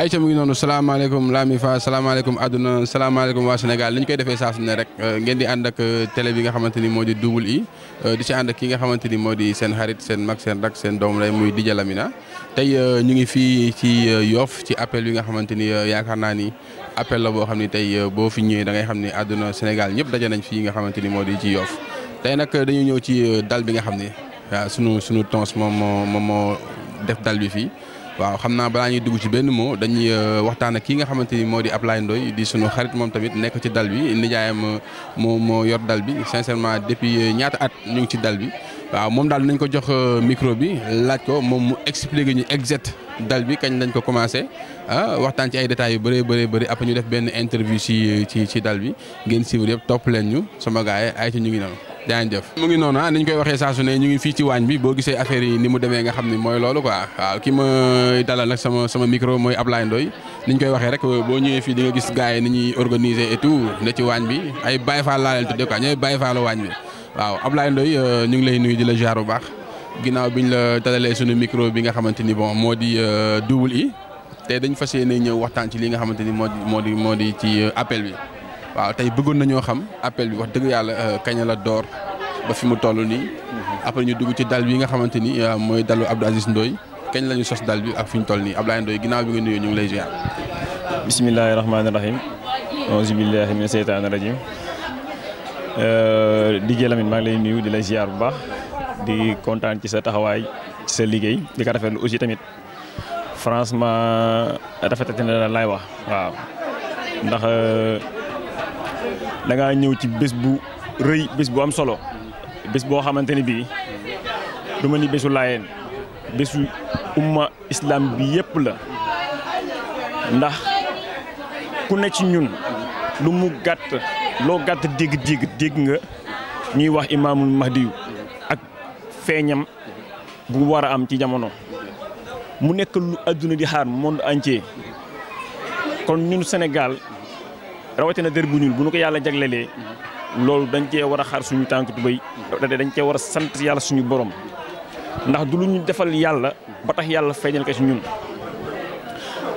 ayca mu ngi noonu salaamaaleykum Lamy Fall salaamaaleykum àdduna salaamaaleykum waa Sénégal li koy defee saa su ne rek euh, ngeen di ànd ak euh, télé bi nga xamante ni moo di Double I euh, di si ànd ak ki nga xamante ni moo di seen xarit seen mag seen rak seen doom lay muy Dj Lamina tey ñu ngi fii ci Yoff ci appel bi nga xamante ni yaakaar naa ni appel la boo xam ni tey boo fi ñëwee da ngay xam ni àdduna Sénégal ñëpp daje nañ fii nga xamante ni moo di ci Yoff tey nag dañu ñëw ci dal bi nga xam ni waaw sunu sunu moom moo moom moo def dal bi fii. waaw xam naa balaa ñuy dugg ci benn moo dañuy euh, waxtaan ak kii nga xamante ni moo di Ablaye Ndoye di sunu xarit moom tamit nekk ci dal bi nijaayam euh, moo moo yor dal bi sincèrement depuis euh, ñaata at ñu ngi ci dal bi waaw moom daal nañ ko jox micro bi laaj ko moom mu expliqué ñu exact dal bi kañ lañ ko commencé ah waxtaan ci ay détails yu bëree bëree bëri après ñu def benn interview ci ci ci dal bi ngeen suivre yëpp topp leen ñu sama gars yi ay ci ñu ngi noonu. jaajëf mu ngi noonu ah ni ñu koy waxee saa su ne ñu ngi fii ci waañ bi boo gisee affaire yi ni mu demee nga xam ne mooy loolu quoi waaw ki ma dalal nag sama sama micro mooy Ablaye Ndoye ni koy waxee rek boo ñëwee fii di nga gis gars ni ñuy organiser et tout ci waañ bi ay Baye Fall laa leen tuddee quoi waañ bi waaw Ablaye Ndoye euh, ñu ngi lay nuyu di la jaar bu baax ginnaaw bi ñu la dalalee suñu micro bi nga xamante ni bon moo di euh, Double I te dañu fas yéene ñëw waxtaan ci li nga xamante ni moo moo di moo di ci euh, appel bi. waaw tey bëggoon nañoo xam appel bi wax dëgg yàlla euh, kañ la door ba fi mu toll nii. Mhm. après ñu dugg ci dal bi nga xamante ni euh, mooy dalu Abdou Aziz Ndoye kañ la ñu sos dal bi ak fi ñu toll nii Abdoulaye Ndoye ginnaaw bi nga nuyoo ñu ngi lay ziar. bismillahi rahmaani rahim. auzu billahi mina seytaani rajim. Euh, DJ Lamine maa ngi lay nuyu di lay ziar bu baax di kontaan ci sa taxawaay ci sa liggéey di ko rafetlu aussi tamit franchement rafetati na la laay wax waaw da nga ñew ci bës bu reuy bës bu am solo bës bo xamanteni bi bii du ma ni bësu layen bësu umma islam bi yépp la ndax ku ne ci ñun lu mu gatt lo gatt dégg-dégg dégg nga ñuy wax imamul mahdi ak feñam bu wara am ci jamono mu nek lu aduna di xaar monde entier kon ñun senegal rawatina dër bu ñuul bu nu ko yàlla jaglelee mm-hmm. loolu dañ cee war a xaar suñu tànk tubéy dañ cee war a sant yàlla suñu borom ndax du lu ñu defal yàlla ba tax yàlla feeñal ko si ñun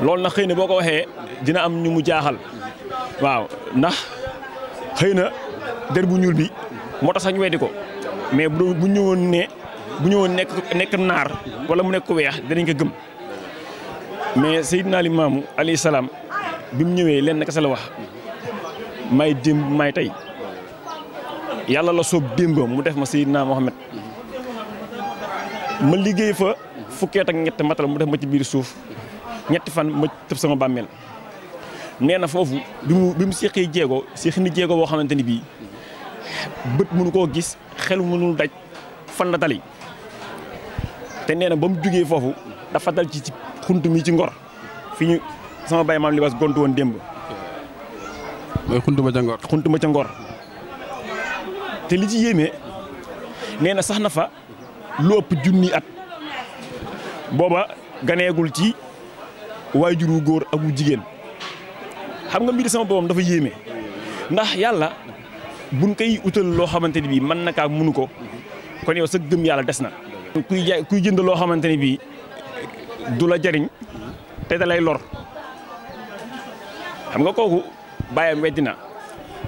loolu nag xëy na boo ko waxee dina am ñu mu jaaxal waaw ndax xëy na dër bu ñuul bi moo tax sax ñu weddi ko mais bu bu ñëwoon ne bu ñëwoon nekk nekk naar wala mu nekk weex dinañ ko gëm mais Seydina Limaamu alayhi salaam bi mu ñëwee lenn kese la wax may dim may tay yalla la so démb mu def ma Seydina Mohamed ma liggey fa fukket ak ñett matal mu def ma ci bir suuf ñett fan ma tepp sama bammel neena fofu foofu bi mu bi mu seqee jéego seqi ni jéego mënu ko gis xel mënul daj fan la tali te nee bam ba fofu da foofu dal ci ci mi ci ngor fiñu sama sama mam li was gontu won demb mooy xuntuma ca ngor xuntuma ca ngor te li ci yéeme nee na sax na fa lu ëpp junni at booba ganeegul ci waajur wu góor ak wu jigéen xam nga mbir sama boppam dafa yéeme ndax yàlla buñ koy utal loo xamante ni bii mën na kaa mënu ko kon yow sa gëm yàlla des na. kuy jaay kuy jënd loo xamante ni bii du la jariñ te da lay lor xam nga kooku. bàyyam weddi na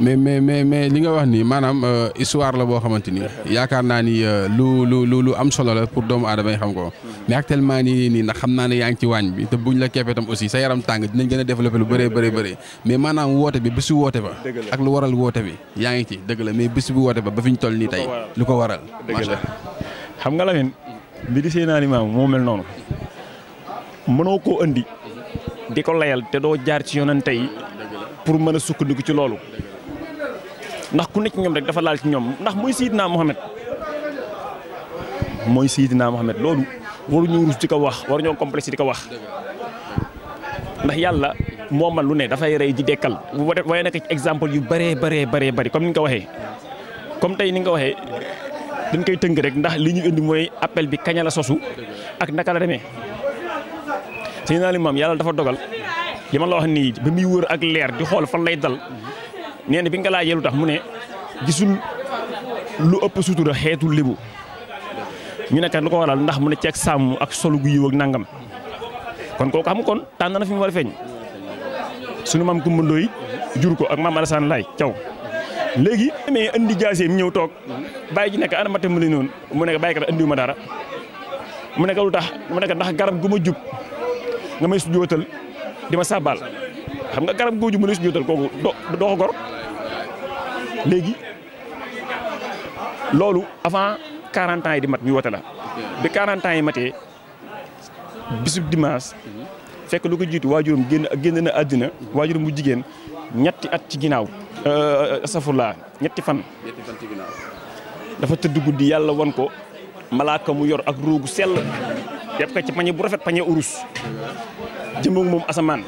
mais mais mais mais li nga wax ni maanaam euh, histoire la boo xamante ni yaakaar naa ni euh, lu lu lu lu am solo la pour doomu aadama yi xam ko mais actuellement nii nii ndax xam naa ne yaa ngi ci waañ bi te buñ la keppee tam aussi sa yaram tàng dinañ gën a développé lu bëree bëri bëri mais maanaam woote bi bésu woote ba ak lu waral woote bi yaa ngi ci dëgg la mais bés bu woote ba ba fi ñu toll nii tey lu ko waral dëgg la xam nga Lamine bi di seen alimaam moo mel noonu mënoo koo indi ko layal te doo jaar ci yonante yi pour mën a sukkandiku ci loolu ndax ku nekk ñoom rek dafa laal ci ñoom ndax mooy Seydina Mohamed mooy Seydina Mohamed loolu waruñu rus ci ko wax waruñoo complexe di ko wax ndax yàlla moo man lu ne dafay rey di dekkal waaye nag exemple yu bëree bëree bëree bari comme ni nga ko waxee comme tey ni nga ko waxee dañ koy tënk rek ndax li ñu indi mooy appel bi kaña la sosu ak naka la deme demee Seydina Limaamu yàlla dafa dogal lima ma la wax nii ba ak leer di xol fan lay dal neena bi nga la yelu lu tax mune gisul lu upp sutura xetul lébu ñu nekkat lu ko waral ndax mune ci ak sam ak solo gu yew ak nangam kon kooku xam kon tan na fi mu war a suñu mam maam Kumba Ndoy jur ko ak mam Alassane lay ciow legi amee andi jaasee mi ñëw toog bàyyi ji nekk ana ma tëmbali non mu nekk andi wu ma dara mu nekk lu tax mu nekk ndax garab gu ma nga may jotal dima sabal xam nga karam gooju mënees ñuutal kooku doo ko gor legi, lolu avant 40 ans yi di mat ñu wota la bi 40 ans yi maté bisub dimanche fekk lu ko jitu wajurum genn genn na adina wajurum bu jigen ñetti at ci euh safurlaa ñetti fan dafa tëdd guddi yalla won ko malaka mu yor ak rogu sel def ko ci pagne bu rafet pagne urus jëmboog moom asamaan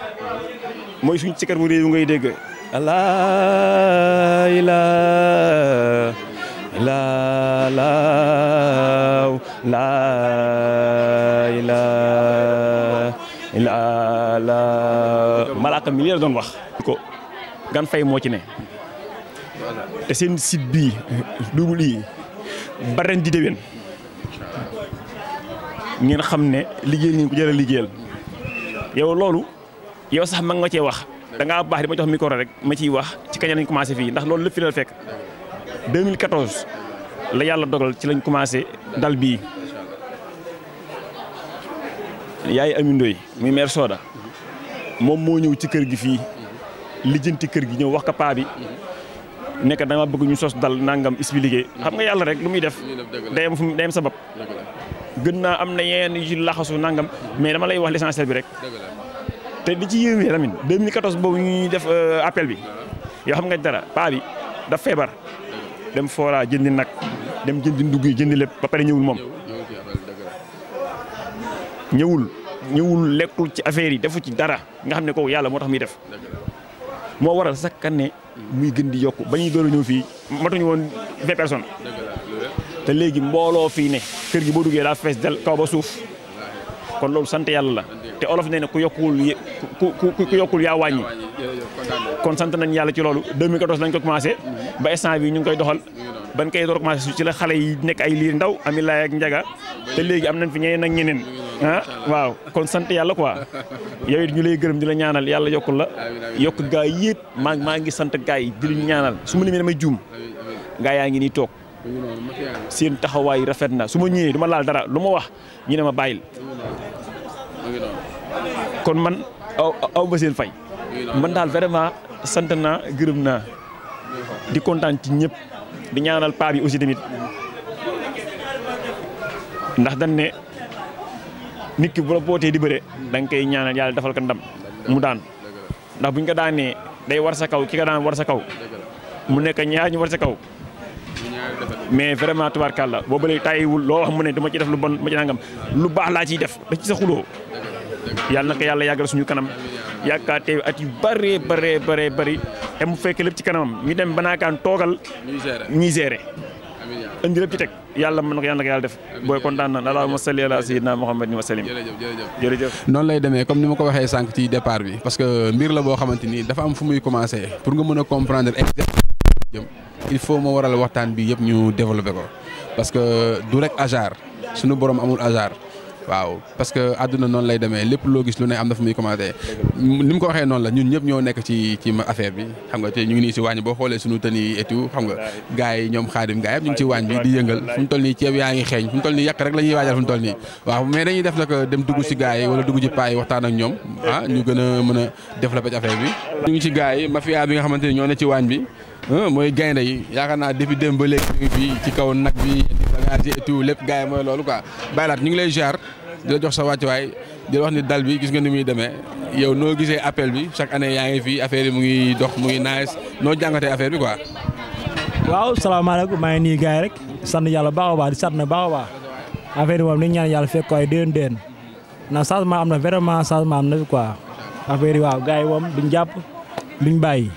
mooy suñ ci sikar bu réew ngay dégg laa ilaaha laa malaaka mi la doon wax ko gan fay moo ci ne te seen site bii i baren di ngeen xam ne liggéeyal ngeen ko jëral liggéeyal yow loolu yow sax man ma cee wax da ngaa baax di ma jox micro rek ma ciy wax ci kañ lañ commencé fii ndax loolu lépp fi la fekk 2014 la yàlla dogal ci lañ commencé dal bii yaay Amy Ndoye muy maire Soda moom moo ñëw ci kër gi fii lijjanti kër gi ñëw wax ko paa bi nekk dama bëgg ñu soos dal nangam expliqué xam nga yàlla rek lu muy def dayam fu dayam sabab gën naa am na yeneen yu laxasu nangam mais dama lay wax l'essentiel bi rek te di ci yéeme tamit 2014 boobu ñu def euh, appel bi yoo xam nga dara paa bi daf feebar dem Fora jëndi nag dem jëndi ndugg yi jëndi lépp ba pare ñëwul moom ñëwul ñëwul lekkul ci affaire yi defu ci dara nga xam ne kooku yàlla moo tax muy def moo waral sakkan ne muy gën di yokk ba ñuy door a ñëw fii matuñu woon vingt personnes te léegi mbooloo fii ne kër gi boo duggee daa fees del kaw ba suuf kon loolu sant yàlla la te olof nee ne ku yokkuwul ku ku yokkul yaa wàññi kon sant nañ yàlla ci loolu 2014 lañ ko commencé ba instant bi ñu ngi koy doxal ban koy door commencé ci la xale yi nekk ay liir ndaw ami ak njaga te léegi am nañ fi ñeneen ak ñeneen ah waaw kon sant yàlla quoi yow ñu lay gërëm di la ñaanal yàlla yokkul la yokk gaa yëpp maa maa ngi sant gaa yi di la ñaanal su ma limee damay juum gaa yaa ngi nii toog seen taxaway rafet na su ma ñëwee laal dara luma wax ñu ne ma bayil kon man aw ba seen fay man dal vraiment sant na gërëm na di kontaan ci ñëpp di ñaanal pa bi aussi tamit ndax dañ né nit ki bu la bootee di bëre dang kay ñaanal yalla dafal ka ndam mu daan ndax buñ ko daané day war sa kaw ki ka daan war sa kaw mu nekk ñaar ñu war sa kaw mais vraiment tubarkalla boo bëlee tàyyiwul lo wax mu ne dama ci def lu bon ma ci nangam lu bax la ci def ba ci sa xulo yalla naka yalla yagal suñu kanam yakate at yu bare bare bare bare. em fekk lepp ci kanam ñu dem banakan togal ñi géré ñi géré yalla man yàlla mën na ko yàlla na ko def boy kontaan na allahumma salli ala sayyidina muhammad wa sallim jërëjëf non lay demee comme nima ko waxee sank ci départ bi parce que mbir la bo xamanteni dafa am fumuy commencer pour nga mën comprendre exactement il faut moo waral waxtaan bi yëpp ñu développé ko parce que du rek hasard suñu borom amul hasard waaw parce que àdduna noonu lay demee lépp loo gis lu ne am na fu muy commencé ni mu ko waxee noonu la ñun ñëpp ñoo nekk ci ci affaire bi xam nga te ñu ngi nii si waañ ngi ci waañ bi di yëngal fu mu toll nii ceeb yaa ngi xeeñ fu mu toll nii yàq rek la ñuy fu mu toll nii waaw mais dañuy def nag dem dugg si gars yi dugg ci paa waxtaan ak ñoom ah, ñu gën a mën a développé bi ñu ngi ci yi mafia bi nga xamante ni ñoo ne ci bi mooy gaynde yi yaakaar naa depuis démb ba léegi ñu fii ci kaw nag bi bagage yi et lépp gars yi mooy loolu quoi bàyyi laat ñu ngi lay ziar di la jox sa wàccuwaay di la wax ni dal bi gis nga ni muy demee yow noo gisee appel bi chaque année yaa ngi fii affaire yi mu ngi dox mu ngi nice noo jàngatee affaire bi quoi. waaw salaamaaleykum maa ngi nuyu gars rek sant yàlla baax a baax di sant na baax affaire bi moom ni ñaan yàlla fekk ko ay déen déen ndax changement am na vraiment changement am na fi quoi affaire yi waaw gars moom duñ jàpp duñ bàyyi.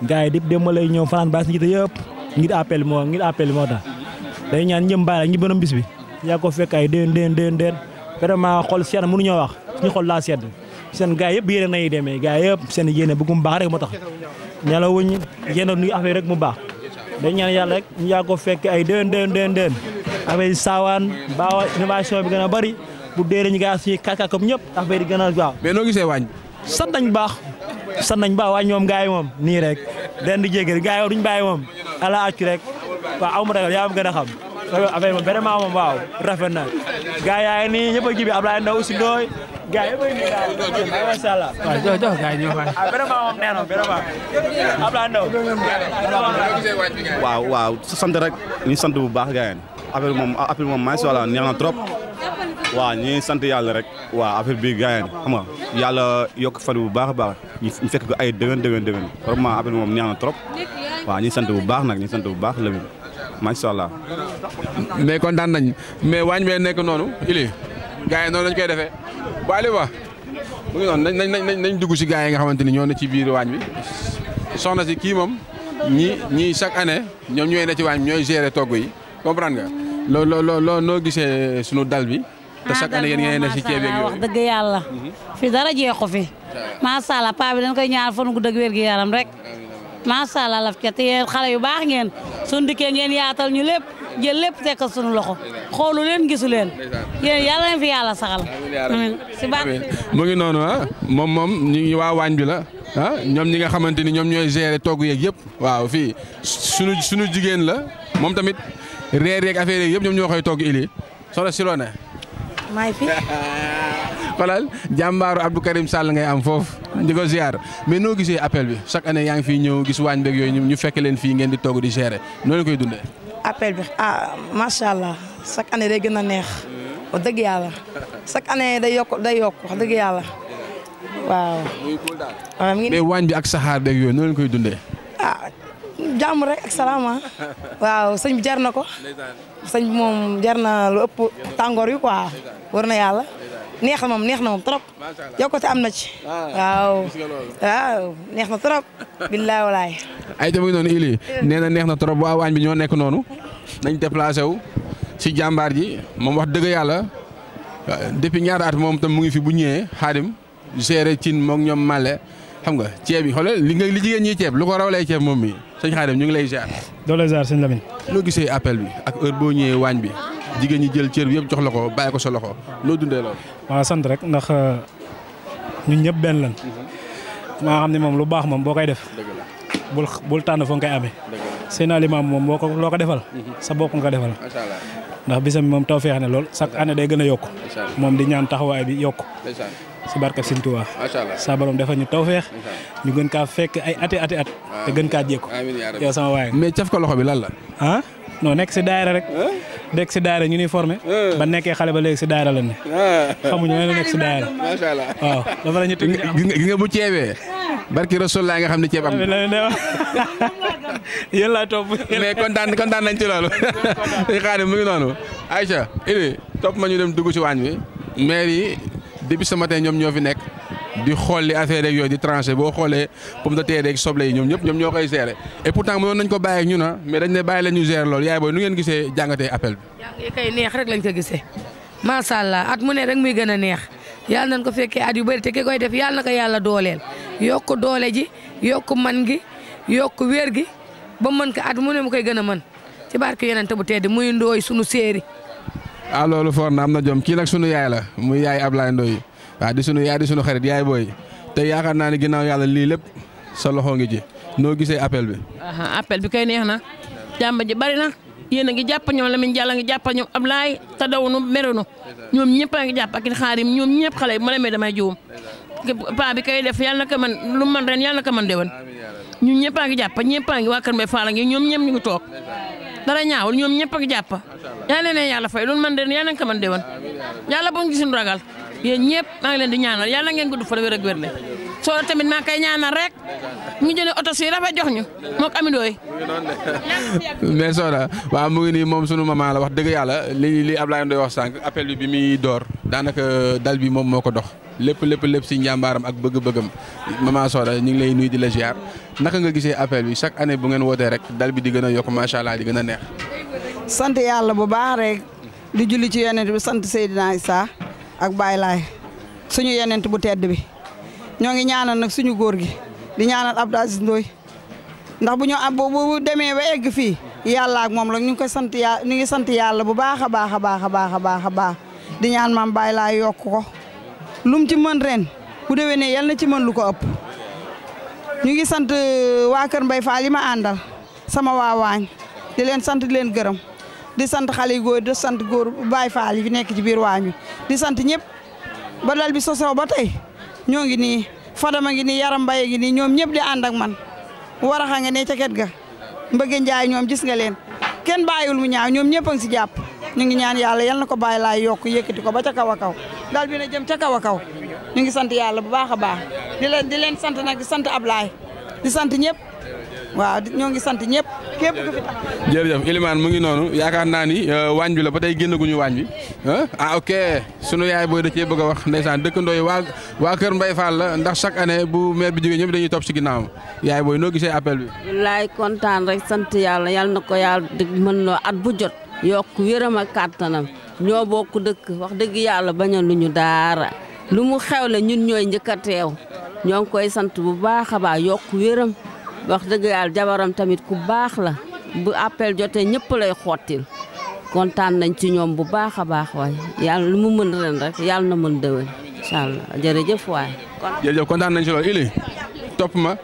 gaay dip dem ma lay ñëw fanaan baas njiite yëpp ngir appel mo ngi appel mo tax day ñaan ñëm bàyyi ngi ñu bis bi ya ko fekk ay den den den den vraiment xol seen mënu ñu wax ñu xol la sedd seen gaay yëpp yene nay demé gaay yëpp seen yene bu mu baax rek moo tax ñela wuñ yene nuy affaire rek mu baax day ñaan yalla rek ya ko fekk ay den den den den avec sawan baawa innovation bi gëna bari bu déere ñu gars kaka kom ñep affaire yi gën gaaw mais no gisé wañ sant nañ baax san nañ ba waaye ñoom gars yi moom nii rek den di jéggi gars yi duñ bàyyi moom ala accu rek waaw aw ma ragal yaa am gën a xam affaire moom vraiment moom waaw rafet na gars yaa ngi nii ñëpp a jibi Ablaye Ndaw aussi dooy gars yëpp jox jox gars ah, moom nee na waaw waaw sant rek ñu sant bu baax gars yi affaire moom affaire moom na trop waaw ñu sant yàlla rek waaw affaire bi gars yi yàlla yokk fan bu baax a baax ñu fekk ko ay déwén déwén déwén vraiment affaire bi moom neex na trop waaw ñu sant bu baax nag ñu sant bu baax Lamine macha allah. mais kontaan nañ mais waañ bee nekk noonu ili gars yi noonu lañ koy defee bu Aliou ba mu ngi noonu nañ nañ nañ dugg si gars yi nga xamante ni ñoo ne ci biir waañ bi soxna si kii moom ñi ñii chaque année ñoom ñooy ne ci waañ bi ñooy gérer togg yi comprendre nga loo loo loo gisee sunu dal bi. te chaque année yéen ngeen si ceeb yeeg yooyu dëgg yàlla. Mhm. fi dara jeexu fi. macha allah paa koy ñaar fan gu dëgg wér gi yaram rek. macha allah laf ca te yéen xale yu baax ngeen. suñu dikkee ngeen yaatal ñu lépp jël lépp tekk suñu loxo. xoolu leen gisu leen. yéen yàlla leen fi yàlla saxal. mu ngi noonu ah moom moom ñu waa waañ bi la. ah ñoom ñi nga xamante ni ñoom ñooy gérer togg yeeg yëpp. waaw fii suñu suñu jigéen la moom tamit reer yeeg affaire yeeg yëpp ñoom ñoo koy togg ili si loo maa ngi fi. xoolal jàmbaaru Abdou Karim Sall ngay am foofu di ko mais noo gisee appel bi chaque année yaa ngi fiy ñëw gis waañ beeg yooyu ñu fekk leen fii ngeen di toog di gérer noonu la koy dundee. appel bi ah macha allah chaque année day gën a neex wax dëgg yàlla chaque année day yokk day yokk wax dëgg yàlla waaw. mais waañ bi ak saxaar beeg yooyu noonu la koy dundee. Ah, jàmm rek ak salaama ah. waaw sëñ bi jar na ko sëñ bi moom jar na lu ëpp tàngoor yu quoi war na yàlla neex na moom neex na moom trop yokkute am na ci ah, waaw neex na trop billaay walaay ay tamit noonu ili eh. nee na neex na trop waa waañ bi ñoo nekk noonu nañ déplacé wu ci jàmbaar ji moom wax dëgg yàlla depuis ñaari at moom tam mu ngi fi bu ñëwee xaadim géré cin moom ñoom male xam nga ceeb yi xoolal li nga li jigéen ñi ceeb lu ko raw rawalee ceeb moom mii sëñ Xaadim ñu ngi lay ziar. doo lay ziar sëñ noo gisee appel bi ak heure boo ñëwee waañ bi jigéen ñi jël cër bi yëpp jox la ko bàyyi ko sa loxo noo dundee loolu. waaw sant rek ndax euh, ñun ñëpp benn lan maa xam ne moom lu baax moom boo koy def. bul bul tànn foo ngi koy amee. seen aliment moom boo ko loo ko defal. Mhm. sa bopp nga ko defal. ndax bisam moom taw feex ne lool chaque année day gën a yokk. moom di ñaan taxawaay bi yokk. si barkab Sëñ Tuubaa sa borom defal ñu tawfeex ñu gën kaa fekk ay ati ati at te gën kaa jékku yow sama waay mais caf ko loxo bi lan la ah non nekk si daayira rek nekk si daayira ñu ni formé ba nekkee xale ba léegi si daayira la ne xamuñu ne nekk si daayira macha dafa la ñu tënk gi nga bu ceebee barki rasul laa nga xam ne ceeb am yéen laa topp ma ñu dem dugg ci waañ bi maire depuis ce matin ñoom ñoo fi nekk di xool li affaire yeeg yooyu di tranché boo xoolee pomme de terre yeeg soble yi ñoom ñëpp ñoom ñoo koy gérer et pourtant mënoon nañ ko bàyyi ak ñu na ah, mais dañ ne bàyyi la ñu gérer loolu yaay booy nu ngeen gisee jàngatee appel bi. yaa neex rek lañ ko gisee macha allah at mu ne rek muy gën a neex yàlla nañ ko fekkee at yu bëri te ki koy def yàlla na ko yàlla dooleel yokk doole ji yokk man gi yokk wér gi ba mën ko at mu ne mu koy gën a mën ci barke yonent bu tedd muy ndooy sunu séeri ah loolu foor na am na jom kii nag sunu yaay la muy yaay Ablaye Ndoye waaw di sunu yaay di sunu xarit yaay booy te yaakaar naa ne ginnaaw yàlla lii lépp sa loxo ngi ji noo gisee appel bi. appel bi kay neex na jàmb ji bari na yéen a ngi jàpp ñoom la Diallo a ngi jàpp ñoom Ablaye te dawunu merunu ñoom ñëpp a ngi jàpp ak xaarim ñoom ñëpp xale yi ma demee damay juum paa bi kay def yàlla na man lu man ren yàlla na ko man déwén ñun ñëpp a ngi jàpp ñëpp a a ngi ñoom ñëpp ñu ngi toog dara ñaawul ñoom ñëpp ak jàpp yal na leen yàlla fay loolu man de yal nañu ko mën de woon yàlla bu ñu gisuñu ragal yéen ñëpp maa leen di ñaanal yàlla ngeen gudd fa wér ak wér le soo tamit maa koy ñaanal rek mu ngi jëlee oto si rafet jox ñu moog amidoo yi. mais Soxna waaw mu ngi nii moom sunu maman la wax dëgg yàlla li li Ablaye Ndoye wax sànq appel bi bi muy door daanaka dal bi moom moo ko dox. lépp lépp lépp si njàmbaaram ak bëgg-bëggam maman Soda ñu ngi lay nuy di la ziar naka nga gisee appel bi chaque année bu ngeen wootee rek dal bi di gën a yokk macha allah di gën a neex. sant yàlla bu baax rek di julli ci yonent bi sant Seydina Issa ak Baye Laay suñu yonent bu tedd bi ñoo ngi ñaanal nag suñu góor gi di ñaanal ab Aziz Ndoye ndax bu ñu am bu demee ba egg fii yàllaak moom la ñu ngi koy sant yàlla ñu ngi sant yàlla bu baax a baax a baax a baax a baax di ñaan maam Baye yokk ko. lum ci mën ren bu déwénee yal na ci mën lu ko ëpp ñu ngi sant euh, waa Kër Mbay Faal yi ma àndal sama waa waañ di leen sant di leen gërëm di sant xale yu góor di sant góor Baay Faal yi fi nekk ci biir waañu di sant ñëpp ba dal bi sosoo ba tey ñoo ngi nii Fadama ngi nii Yaram Mbaye ngi nii ñoom ñëpp di ànd ak man waraxa nga ne ca ket ga mbëgge njaay ñoom gis nga leen kenn bàyyiwul mu ñaaw ñoom ñëpp a ngi si jàpp ñu ngi ñaan yàlla yal na ko bàyyi laay yokk yëkkati ko ba ca kaw a kaw daal bi na jëm ca kaw a kaw ñu ngi sant yàlla bu baax a baax di leen sant nag di sant Ablaye di sant ñëpp waaw ñoo ngi sant ñëpp képp ku fi taxaw. jërëjëf Ilimane mu ngi noonu yaakaar naa ni euh, waañ bi la ba tey génnaguñu waañ bi ah ok sunu yaay booy da cee bëgg a wax ndeysaan dëkkandoo yi waa waa Kër Mbaye Fall la ndax chaque année bu maire bi jógee ñëpp dañuy topp si ginnaaw yaay booy noo gisee appel bi. wallaay kontaan rek sant yàlla yal na ko yàlla mën loo at bu jot yokk wéram ak kàttanam ñoo bokk dëkk wax dëgg yàlla baña lu ñu daara lu mu xew xewle ñun ñooy njëkk a teew ñoo ngi koy sant bu baax a baax yokk wéram wax dëgg yàlla jabaram tamit ku baax la bu appel jotee ñëpp lay xottil kontaan nañ ci ñoom bu baax a baax waay yàlla lu mu mën ren rek yàlla na mën dëwén incha allah jërëjëf waay. jërëjëf kontaan nañ ci loolu Ili topp ma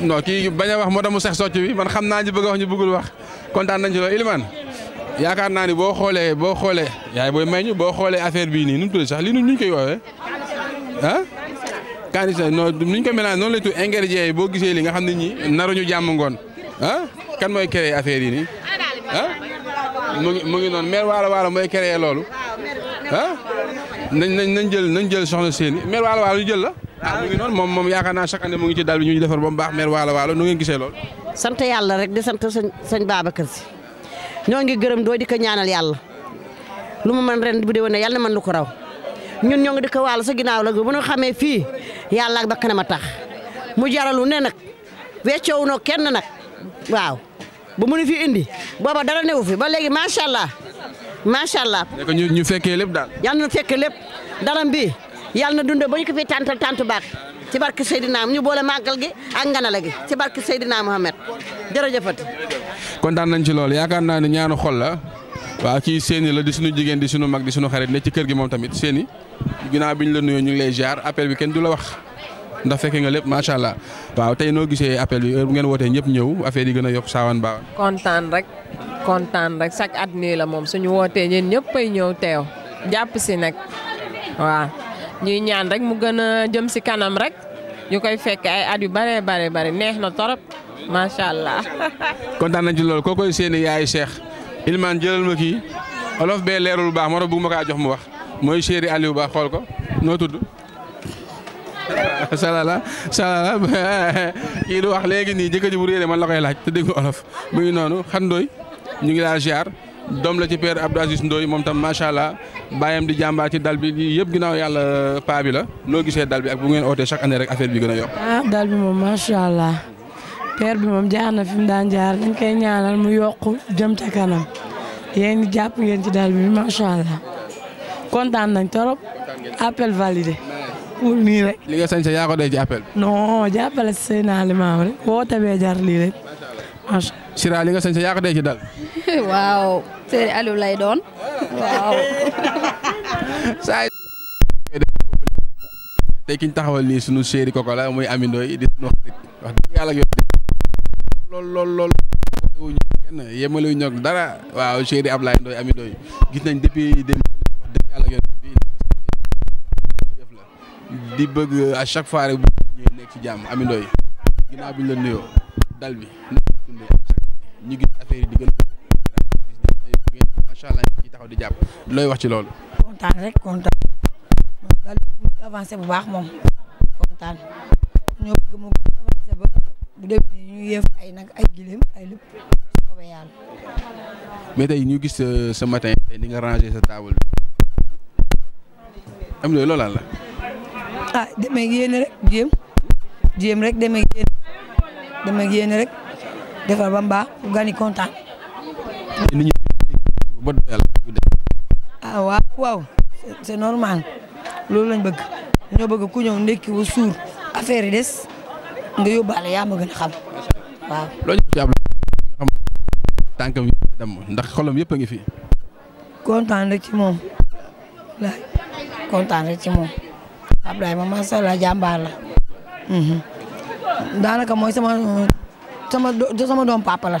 noo kii bañ a wax moo tax mu sex socc bi man xam naa ñu bëgg a wax ñu bëggul wax kontaan nañ yaakaar naa ni boo xoolee boo xoolee yaay booy meññ boo xoolee affaire bii nii nu mu tudd sax li nu ñu koy woowee ah. kaanisa non ni ñu ko mélange noonu la tudd ingrédients boo gisee li nga xam ne ñii ñu jàmm ngoon ah kan mooy créer affaire yi nii ah mu ngi mu ngi noonu mère waalo waalo mooy créer loolu ah nañ nañ nañ jël nañ jël soxna Séni mère waalo waalo ñu jël la. ah mu ngi noonu moom moom yaakaar naa chaque année mu ngi ci dal bi ñu defar ba mu baax mère waalo waalo nu ngeen gisee loolu. sant yàlla rek di sant sëñ sëñ Babacar Si ñoo ngi gërëm doo di ko ñaanal yàlla lu ma mën ren bu déwénee yàlla na mën lu ko raw ñun ñoo ngi di ko waalo sa ginnaaw la bu ñu xamee fii yàlla ak ba kanam a tax mu jaralu ne nag weccoowu noo kenn nag waaw bu mënu fi indi booba ne wu fi ba léegi macha allah macha allah. ñu fekkee lépp daal. yàlla na fekkee lépp daram bi yàlla na dundee ba ñu ko fi tàntal tànt baax. ci barke Seydina ñu boole màggal gi ak nganala gi ci barke Seydina Mohamed jërëjëfati. kontaan nañ ci loolu yaakaar naa ne ñaanu xol la waaw ci Séni la di suñu jigéen di suñu mag di suñu xarit ne ci kër gi moom tamit Séni ginnaaw bi ñu la ñu ngi lay ziar appel bi kenn du la wax ndax fekke nga lépp macha allah waaw tey noo gisee appel bi heure bu ngeen wootee ñëpp ñëw affaire yi gën a yokk saawan baawan. kontaan rek kontaan rek chaque at nii la moom suñu wootee ñun ñëpp ay ñëw teew jàpp si nag waaw ñuy ñaan rek mu gën a jëm si kanam rek ñu koy fekk ay at yu bare bare bare neex na torop macha allah. kontaan nañ ci loolu koo koy seeni yaay Cheikh Ilmaan jëlal ma kii olof bee leerul baax moo tax bëgg ma kaa jox mu wax mooy chéri Aliou baax xool ko noo tudd. salala salala kii du wax léegi nii jëkkër ji bu réeré man la koy laaj te déggu olof mu noonu xandooy ñu ngi laa ziar. doom la ci père Abdou Aziz Ndoye moom tam macha allah bàyyam di jàmbaar ci dal bi yëpp ginnaaw yàlla paa bi la noo gisee dal bi ak bu ngeen ootee chaque année rek affaire bi gën a yokk. ah moom macha allah père bi moom jaar na fi mu daan jaar dañ koy ñaanal mu yokk jëm ca kanam yéen jàpp ngeen ci dal bi macha allah kontaan nañ trop appel validé. pour nii rek. li nga sañ sa yaa ko dee ci appel. non jàppale say naa li maam rek woo tabee jar lii rek macha li nga sañ sa yaa ko dee ci dal. waaw. Serigne Aliou lay doon waaw. tey ki taxawal nii sunu chéri koko la muy amindooy di sunu xarit wax dëgg yàlla ak lool lool lool lool kenn dara waaw chéri Ablaye Ndoye amindooy gis nañ depuis début wax dëgg yàlla ak yow di bëgg à chaque fois rek bu ñëwee nekk ci jàmm amindooy ginnaaw bi ñu la nuyoo dal bi ñu gis affaire di gën macha allah ñu ciy di jàpp looy wax ci loolu. kontaan rek kontaan moom bu baax moom kontaan ñoo bëgg mu nag ay gileem ay ñu gis euh, ce matin tey ni nga rangé sa table am na loolaal la. ah demee rek jéem jéem rek demee ak rek defar ba baax bu gan yi Awa, doyal ah waaw waaw c'est normal loolu lañ bëgg dañoo bëgg ku ñëw ndekki ba suur affaire yi des nga yóbbaale yaa ma gën a xam waaw. loolu ñu ci am xam tànkam yi dem ndax xolam yëpp a ngi fi. kontaan rek ci moom laaj kontaan rek ci moom Abdoulaye ma macha allah jàmbaar la mhm. daanaka sama sama sama doom papa la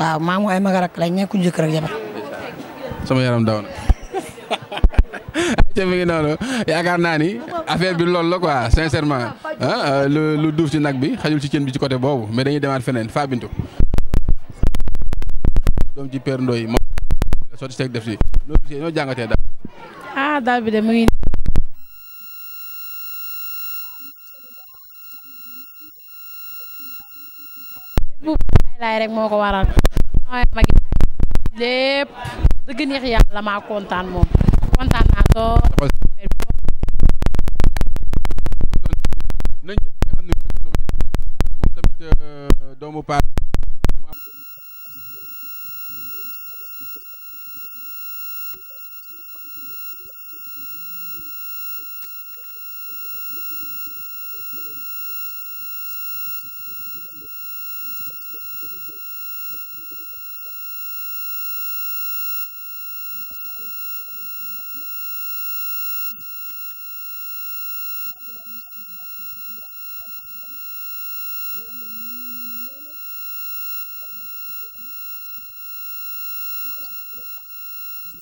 waaw maa mu magarak lañ nekkuñu jabar sama yaram daw na. mi ngi noonu yaakaar naa ni affaire bi loolu la quoi sincèrement ah, ah, lu lu duuf ci nag bi xajul ci cën bi ci côté boobu mais dañuy demaat feneen Fa Bintu doom ci Père Ndoye moom ah, moo ko waral lépp dëgg neex yàlla kontaan moom kontaan naa trop. doomu Paar.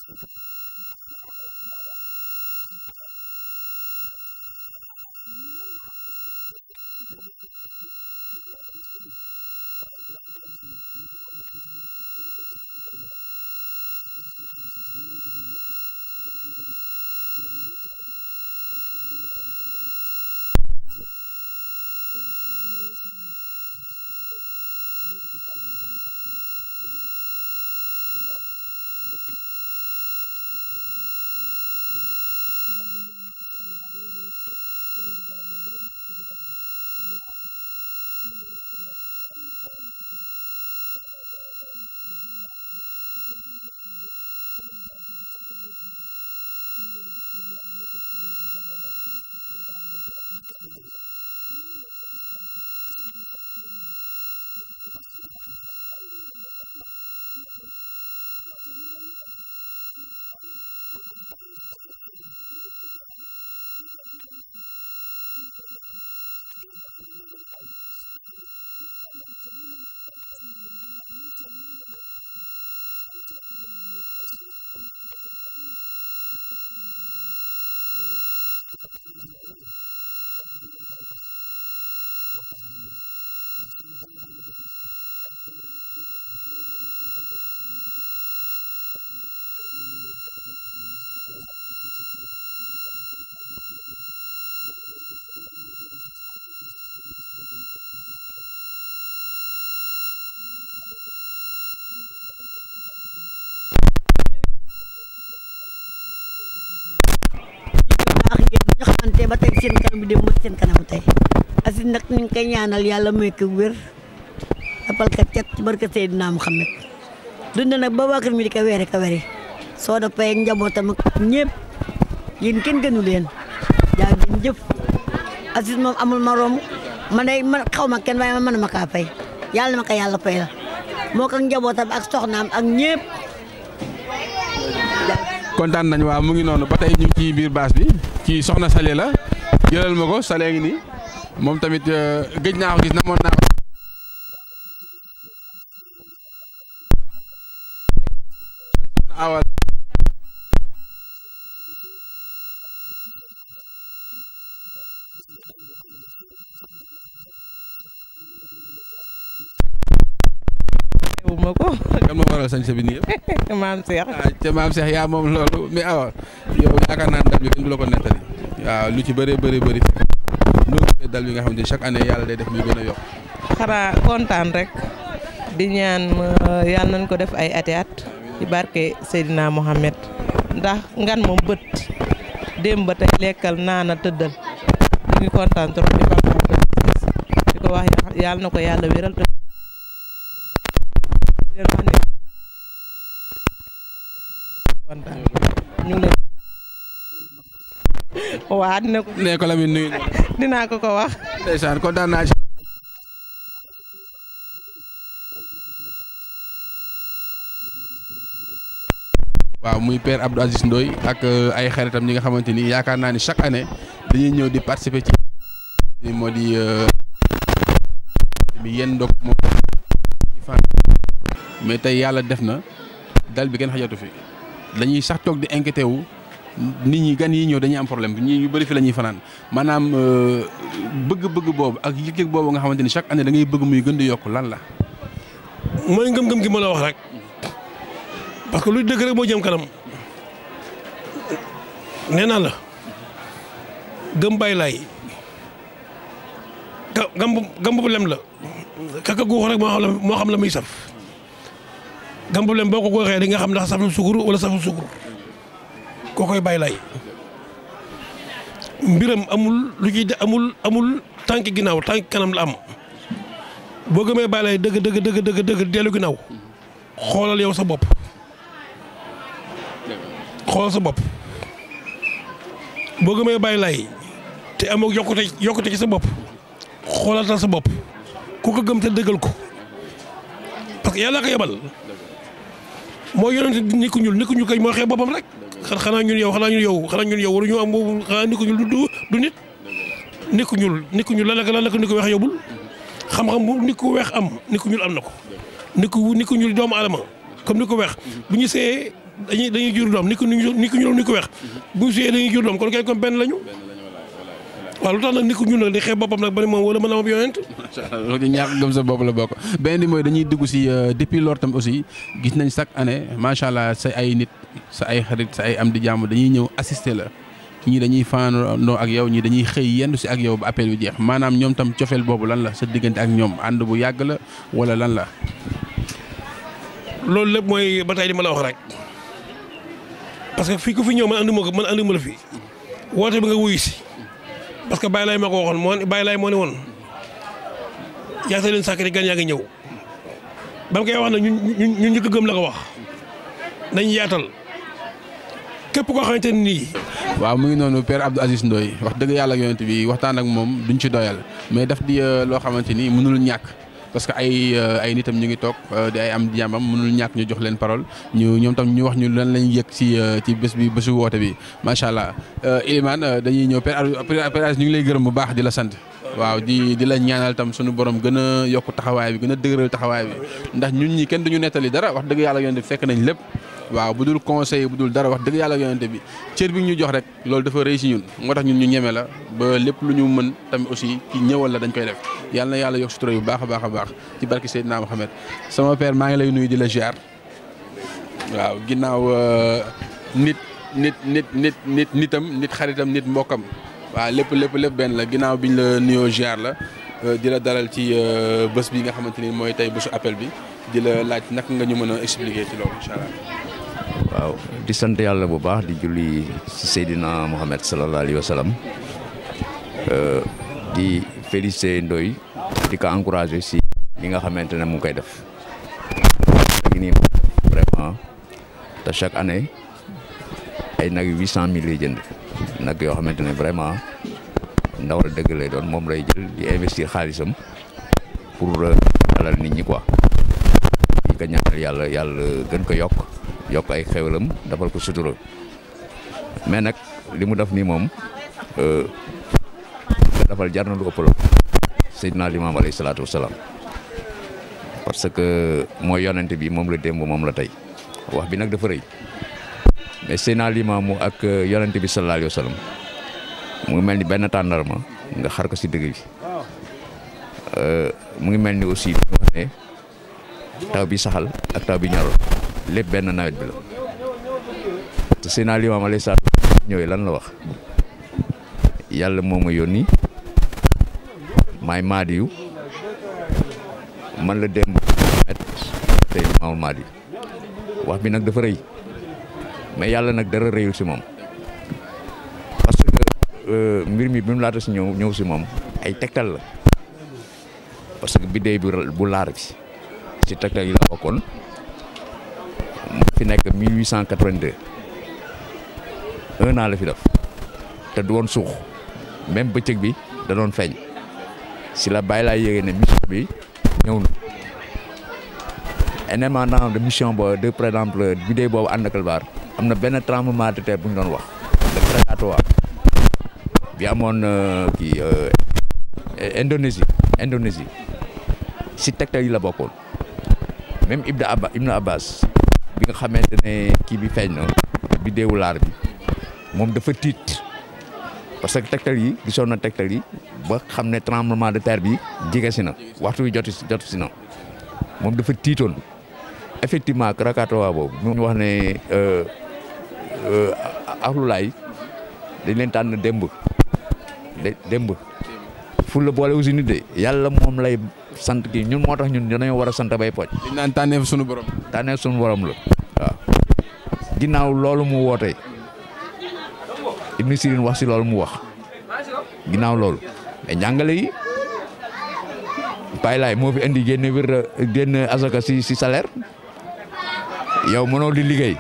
Thank you. te ba tey seen kanam bi dem mooy seen kanamu tey Aziz nag ñu ngi koy ñaanal yàlla may ko wér dafal ko cet ci barke Seydina Muhammad dund nag ba mi di ko weere ko weri soo da pay ak njabootam ak ñëpp yéen kenn gënu leen jaa ngeen jëf Aziz moom amul moroom ma kenn waaye ma kaa yàlla na yàlla fay moo ko njabootam ak soxnaam ak ñëpp. kontaan nañu waaw mu ngi noonu ba tey ñu ngi biir baas bi. kii soxna Sale la jëlal ma ko Sale ngi nii moom tamit euh, gëj naa ko gis namoon naa ko. awal ma ko kan ma waral sañ sa bi nii yëpp maam Cheikh ah, ca maam Cheikh yaa moom loolu mi awal yaakaar naa dal bi kenn du la ko nettali waaw lu ci bëree bëri bëri loolu dal bi nga xam ne chaque année yàlla day def muy gën a yokk xanaa kontaan rek di ñaan euh, yàlla nañ ko def ay ati at ci barke Seydina Mohamed ndax ngan moom bët démb ba tey lekkal naana tëddal ñu ngi kontaan trop di ko di wax yàlla na ko yàlla wéral te ñu ngi leen waa dina ko. nee ko muy père Abdou Aziz Ndoye ak euh, ay xaritam ñi nga xamante ni yaakaar naa ni chaque année dañuy ñëw di participer ci moo di bi euh, yenn ndog moom mais tey yàlla def na dal bi kenn xajatu fi dañuy sax toog di inquiété nit ñi gan yi ñëw dañuy am problème ñi ñu bari fi lañuy fanan manam euh, bëgg-bëgg bobu ak yëg-yëg bobu nga xamanteni chaque année da ngay bëgg muy gënd yokku lan la. moy ngëm-ngëm gi mëna wax rek parce que lu dëgg rek mo jëm kanam néna la gëm bay lay ga gam gam bu la kaka guux rek mo xam la moo xam la muy saf gam problème boko ko goxee di nga xam ndax saf na wala saful sukkur. koo koy bay lay mbiram amul lu ciy amul amul tànk ginnaaw tànk kanam la am boo gëmee bàyyi lay dëgg dëgg dëgg dëgg dëgg ginnaaw xoolal yow sa bopp xoolal sa bopp boo gëmee bay lay te amoo yokkute yokkute ci sa bopp xoolal xoolatal sa bopp ku ko gëm te dëggal ko parce que yàlla ko yebal moo yonente ni ku ñuul ni moo xeeb boppam rek xanaa ñun yow xanaa ñun yow xanaa ñun yow waruñu am boobu xanaa nit ku ñuul du du nit. nit ku ñuul nit ku ñuul lan la lan la ko nit ku weex yóbbul xam-xam bu nit ku weex am nit ñul am na ko. nit ku nit ku ñuul doomu aadama comme nit ku weex bu ñu see dañuy dañuy jur doom nit ku nit ku ñuul nit ku weex bu ñu see dañuy jur doom kon kay comme benn lañu. waaw lu tax nag nit ku ñuul nag di xeeb boppam nag ba ne moom wala mën a am yonent. macha allah loolu ñàkk gëm sa bopp la bokk benn bi mooy dañuy dugg si euh, depuis loolu aussi gis nañ chaque année macha allah sa ay nit sa ay xarit ay am di jàmm dañuy ñëw assister la ñii dañuy fanaandoo ak yow ñii dañuy xëy yendu si ak yow ba appel bi jeex maanaam ñoom tam cofeel boobu lan la sa diggante ak ñoom ànd bu yàgg la wala lan la. loolu lépp mooy ba tey di ma la wax rek parce que fii ku fi ñëw man anduma ko man anduma la fi woote bi nga wuyu si. parce que Baye Laye ma ko waxoon moo Baye Laye moo ne woon yaakaar leen sàkk gan yaa ñëw ba mu koy wax nag ñu ñun ñu ko gëm la ko wax nañ yaatal képp koo xamante ne nii. waaw mu ngi noonu Père Abdou Aziz Ndoye wax dëgg yàlla ak yonent bi waxtaan ak moom duñ ci doyal mais daf di euh, loo xamante ni mënul ñàkk. parce que ay euh, ay nitam ñu ngi toog euh, di ay am jàmbam mënul ñàkk ñu jox leen parole ñu ñoom tam ñu wax ñu lan lañ yëg ci euh, ci bés bi bésu woote bi macha allah Ilimane dañuy ñëw père ñu ngi lay gërëm bu baax di la sant. waaw di di la ñaanal tam suñu borom gën a yokk bi gën a dëgëral taxawaay bi ndax ñun ñi kenn duñu nettali dara wax dëgg yàlla yéen fekk nañ lépp waaw bu dul conseil bu dul dara wax dëgg yàlla yonente bi cër bi ñu jox rek loolu dafa rëy si ñun moo tax ñun ñu ñeme la ba lépp lu ñu mën tamit aussi ki ñëwal la dañ koy def yàlla na yàlla yokk sutura yu baax a baax a baax ci barki Seydina Mohamed sama père maa ngi lay nuyu di la ziar waaw ginnaaw euh, nit nit nit nit nit nitam nit xaritam nit mbokkam waaw lépp lépp lépp benn la ginnaaw bi ñu la nuyoo ziar la euh, di la daral ci euh, bés bi nga xamante ni mooy tey bésu appel bi di laaj naka nga ñu mën a expliquer ci loolu waaw di sant yàlla bu baax di julli ci Seydina Mohamed sallallahu alayhi wa sallam euh, di félicité Ndoye di ko encouragé si li nga xamante ne mu ngi koy def vraiment te chaque année ay nag yu huit cent mille lay jënd nag yoo xamante ne vraiment ndawal dëgg lay doon moom lay jël di investir xaalisam pour dalal euh, nit ñi quoi di ko ñaanal yàlla yàlla gën ko yokk yok ay xewlam dafal ko sutura mais nak limu daf ni mom euh dafal jarna lu opol sayyidina limam alayhi salatu wassalam parce que moy yonent bi mom la dem mom la tay wax bi nak dafa reuy mais sayyidina limam ak euh, yonent bi sallallahu alayhi wasallam mu melni ben tandarma nga xar ko ci deug bi euh mu ngi melni aussi taw bi saxal ak taw bi ñarul lépp benn nawet bi la te Seydina Limaamu alayhi ñëwee lan la wax yàlla moo ma yónni maay maadiyu man la démb tey maadiyu wax bi nag dafa rëy mais yàlla nag dara rëyul si moom parce que euh, mbir mi bi mu laata si ñëw ñëw si moom ay tegtal la parce que biddéey bi bu laar bi si tegtal yi la bokkoon fi nekk mille 1882 un naa la fi def te du woon suux même bëccëg bi da doon feeñ si la baay laa yéegee ne mission bi ñëw na indépendant de mission boobu de par exemple boobu ànd am na benn tremblement de terre bu ñu doon wax amoon euh, kii euh, Indonésie Indonésie si tegtal yi la bokkoon même Ibn Abbas bi nga xamante ne kii bi feeñ na bi déewu laar bi moom dafa tiit parce que tegtal yi gisoon na tegtal yi ba xam ne tremblement de terre bi jege si na waxtu wi jot jot si na moom dafa tiitoon effectivement Krakatoa boobu ngi wax ne euh, euh, axlulaay dañ leen tànn démb démb fu la boole aussi nit de yàlla moom lay sant gi ñun motax ñun dañu wara sant bay poj. dañ nan tané suñu borom. tané suñu borom lu ginaaw loolu mu woote Ibn Sirin wax ci loolu mu wax ginaaw loolu mais jangale yi Baay mo fi andi genn wir genn asaka ci ci salaire yow mëno di liggéey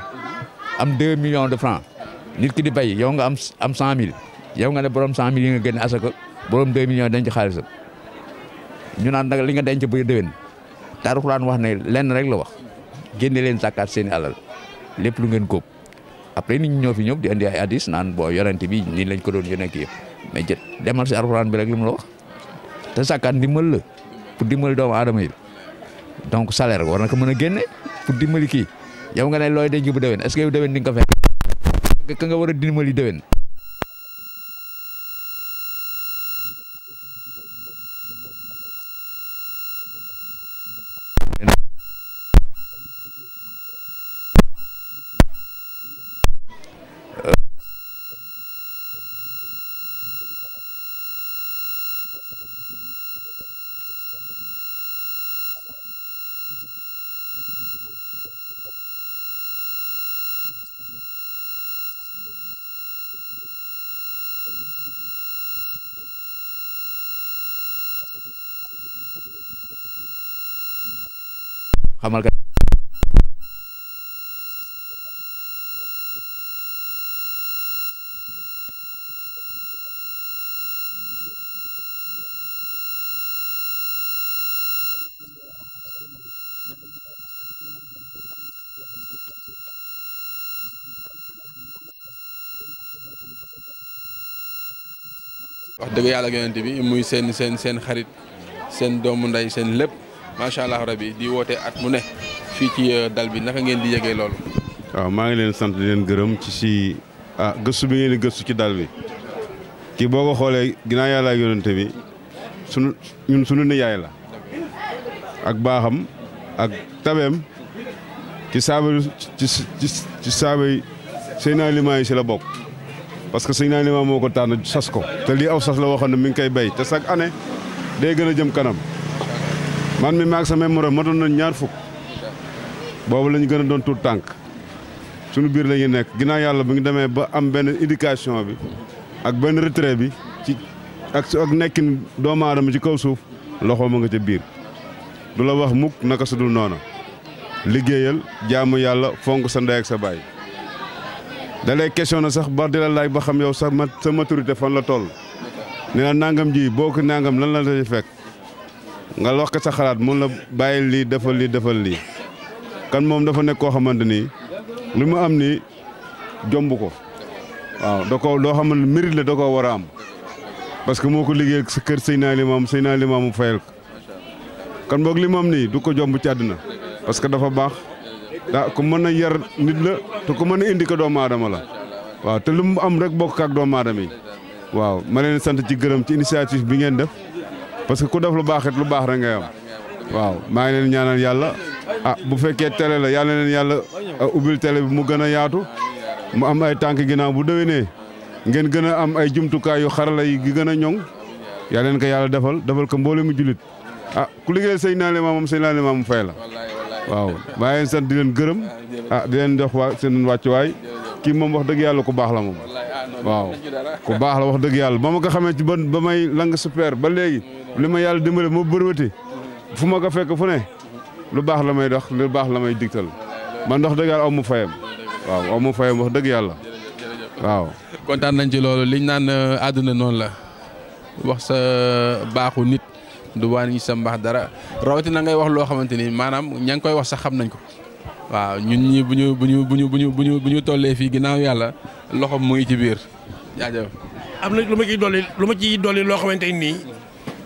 am 2 millions de francs nit ki di bay yow nga am am 100000 yow nga ne borom 100000 nga genn asaka borom 2 millions dañ ci xaalisam ñu naan nag li nga denc bu déwén te quran wax ne len rek la wax genn len zakat seen alal lepp lu ngeen gop après ni ñofi ñop di andi ay hadis naan bo yorent bi ni lañ ko doon yone yef mais jet demal ci alquran bi rek lim la wax te zakat dimbal la pour dimbal doom adam yi donc salaire war na ko meuna genné pour dimbali ki yow nga ne loy denc bu déwén est ce que yow déwén ni nga fekk ke nga wara dimbali déwén আমার কাছে wax dëgg yàlla bi muy sen sen seen xarit seen doomu ndey macha allah rab rabi di woote at mu ne fii ci euh, dal bi naka ngeen di yëgee loolu. waaw maa ngi leen sant di leen gërëm ci si ah gëstu bi ngeen di gëstu ci dal bi kii boo ko xoolee ginaa yàlla ak bi sunu ñun sunu nijaay la ak baaxam ak tabeem ci saaba ci ci saaba yi Seydina Limaamu yi si la bokk parce que Seydina Limaamu moo ko tànn sas ko te lii aw sas la waxoon ne mi ngi koy bay te chaque année day gën a jëm kanam. man mi maag samay morom matoon nañ ñaar fukk boobu lañu gën a doon tuut tànk suñu biir la nekk ginnaaw yàlla bu ngi demee ba am benn éducation bi ak benn retrait bi ci ak ak nekkin doomu aadama ci kaw suuf loxo ma nga ca biir du la wax mukk naka su dul noona liggéeyal jaamu yàlla fonk sa ndey ak sa baay da lay question na sax ba di la laaj ba xam yow sa sa maturité fan la toll nee na nangam ji boo ko nangam lan la la fekk nga wax ko sa xalaat mun la bàyyi lii defal lii defal lii kan moom dafa nekk koo xamante ni lu mu am nii jomb ko waaw da ko loo xamante mérite la da koo war a am parce que moo ko liggéey sa kër sëy naa limaam sëy naa limaam mu fayal ko kan boog li mu nii du ko jomb ci àddina parce que dafa baax daa ku mën a yar nit la te ko mën a indi ko doomu aadama la waaw te lu mu am rek bokk ak doomu aadama waaw ma leen sant ci gërëm ci initiative bi ngeen def parce que ku def lu baax lu baax rek ngay am waaw maa ngi leen ñaanal yàlla a ah, bu fekkee télé la yàlla leen yàlla ah, ubbil télé bi mu gën a yaatu mu am ay tànk ginnaaw bu déwénee ngeen gën a am ay jumtukaay yu xarala yi gi gën a ñoŋ yàlla leen ko yàlla defal defal ko mboole mu julit a ah, ku liggéeyal sëñ naa leen moom sëñ naa leen moom fay la waaw maa ngi leen sant di leen gërëm ah di leen jox waa seen wàccuwaay kii moom wax dëgg yàlla ku baax la moom waaw ku baax dëgg yàlla ba ba ba li ma yàlla dimbale moo bërwati fu ma ko fekk fu ne lu baax la may dox lu baax la may digtal man ndox dëgg yàlla aw mu fayam waaw aw mu fayam wax dëgg yàlla waaw. kontaan nañ ci loolu liñ naan euh, àdduna noonu la wax sa euh, baaxu nit du wàññi sa mbaax dara rawatina ngay wax loo xamante ni maanaam ña ngi koy wax sa xam nañ ko. waaw ñun ñi bu ñu bu ñu bu ñu bu ñu bu ñu bu ñu tollee fii ginnaaw yàlla loxo muy ci biir jaajëf. am na lu ma ciy dolli lu ma ciy dolli loo xamante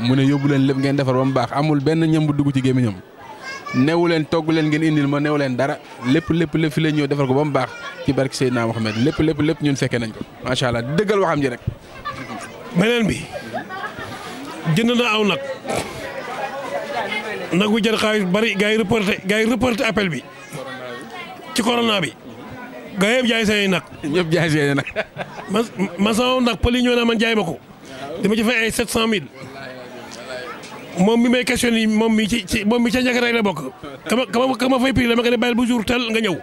mu ne yóbbu leen lépp ngeen defar bam bax amul ben ñam bu dugg ci gémmiñam newu leen togg leen ngeen indil ma newu leen dara lépp lépp lépp fi la ñëw defar ko bam bax ci barke Seydina muhammad lépp lépp lépp ñun fekke nañ ko ma sha allah dëggal waxam ji rek. beneen bi jënd na aw nak nak wu jël xaalis bari gay reporter gay reporter appel bi ci corona bi. gaa yëpp jaay seen nag. ñëpp jaay seen nag. man man nak poli ñu na man jaay mako ko. dama ci fay ay 700000. moom mi may question yi moom mi ci ci moom mi ca njëkk rek la bokk kama kama kama fay prix dama ko ne bàyyil bu jour tel nga ñëw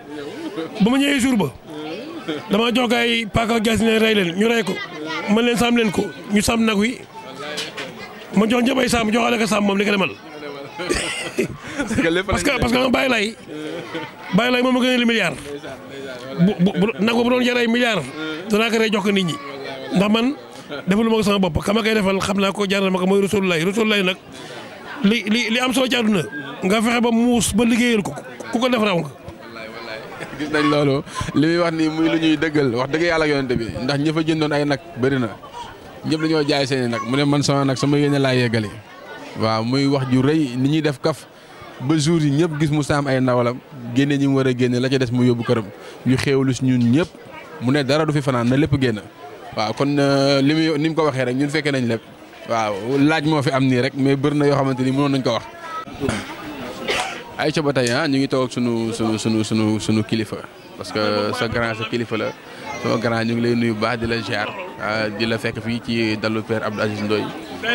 ba ma ñëwee jour ba dama jox gars yi paaka gas ne rey leen ñu rey ko man leen sàmm leen ko ñu sàmm nag wi ma jox ñëpp ay sàmm joxaale ko sàmm moom li ko demal parce que parce que ma bàyyi lay bàyyi lay moom a gën a milliard bu bu nag bu doon jar ay milliard danaa ko rey jox ko nit ñi ndax man defal ma ko sama bopp kama koy defal xam naa ko jaral ma ko mooy Rasulullah Rasulullah nag li li li am soo ci àdduna nga fexe ba muus ba liggéeyal ko ku ko def raw nga. gis nañ loolu li muy wax nii muy lu ñuy dëggal wax dëgg yàlla ak yonent bi ndax ñi fa jëndoon ay nag bëri na ñëpp dañoo jaay seeni nag mu ne man sama nag sama yéene laa yeggali waaw muy wax ju rëy ni ñuy def kaf ba jour yi ñëpp gis mu saam ay ndawalam génne ñi mu war a génne la ca des mu yóbbu këram ñu xéewlu si ñun ñëpp mu ne dara du fi fanaan na lépp génn. waaw kon euh, li muy ni mu ko waxee rek ñun fekkee nañ lépp waaw laaj moo fi am nii rek mais bëri na yoo xamante ni mënoon nañ ko wax. ay ca ba tey ah, ñu ngi toog sunu sunu sunu sunu sunu kilifa parce que sa grand sa kilifa la sama grand ñu ngi lay nuyu baax di la ziar ah, di la fekk fii ci dalu père Abdou Aziz Ndoye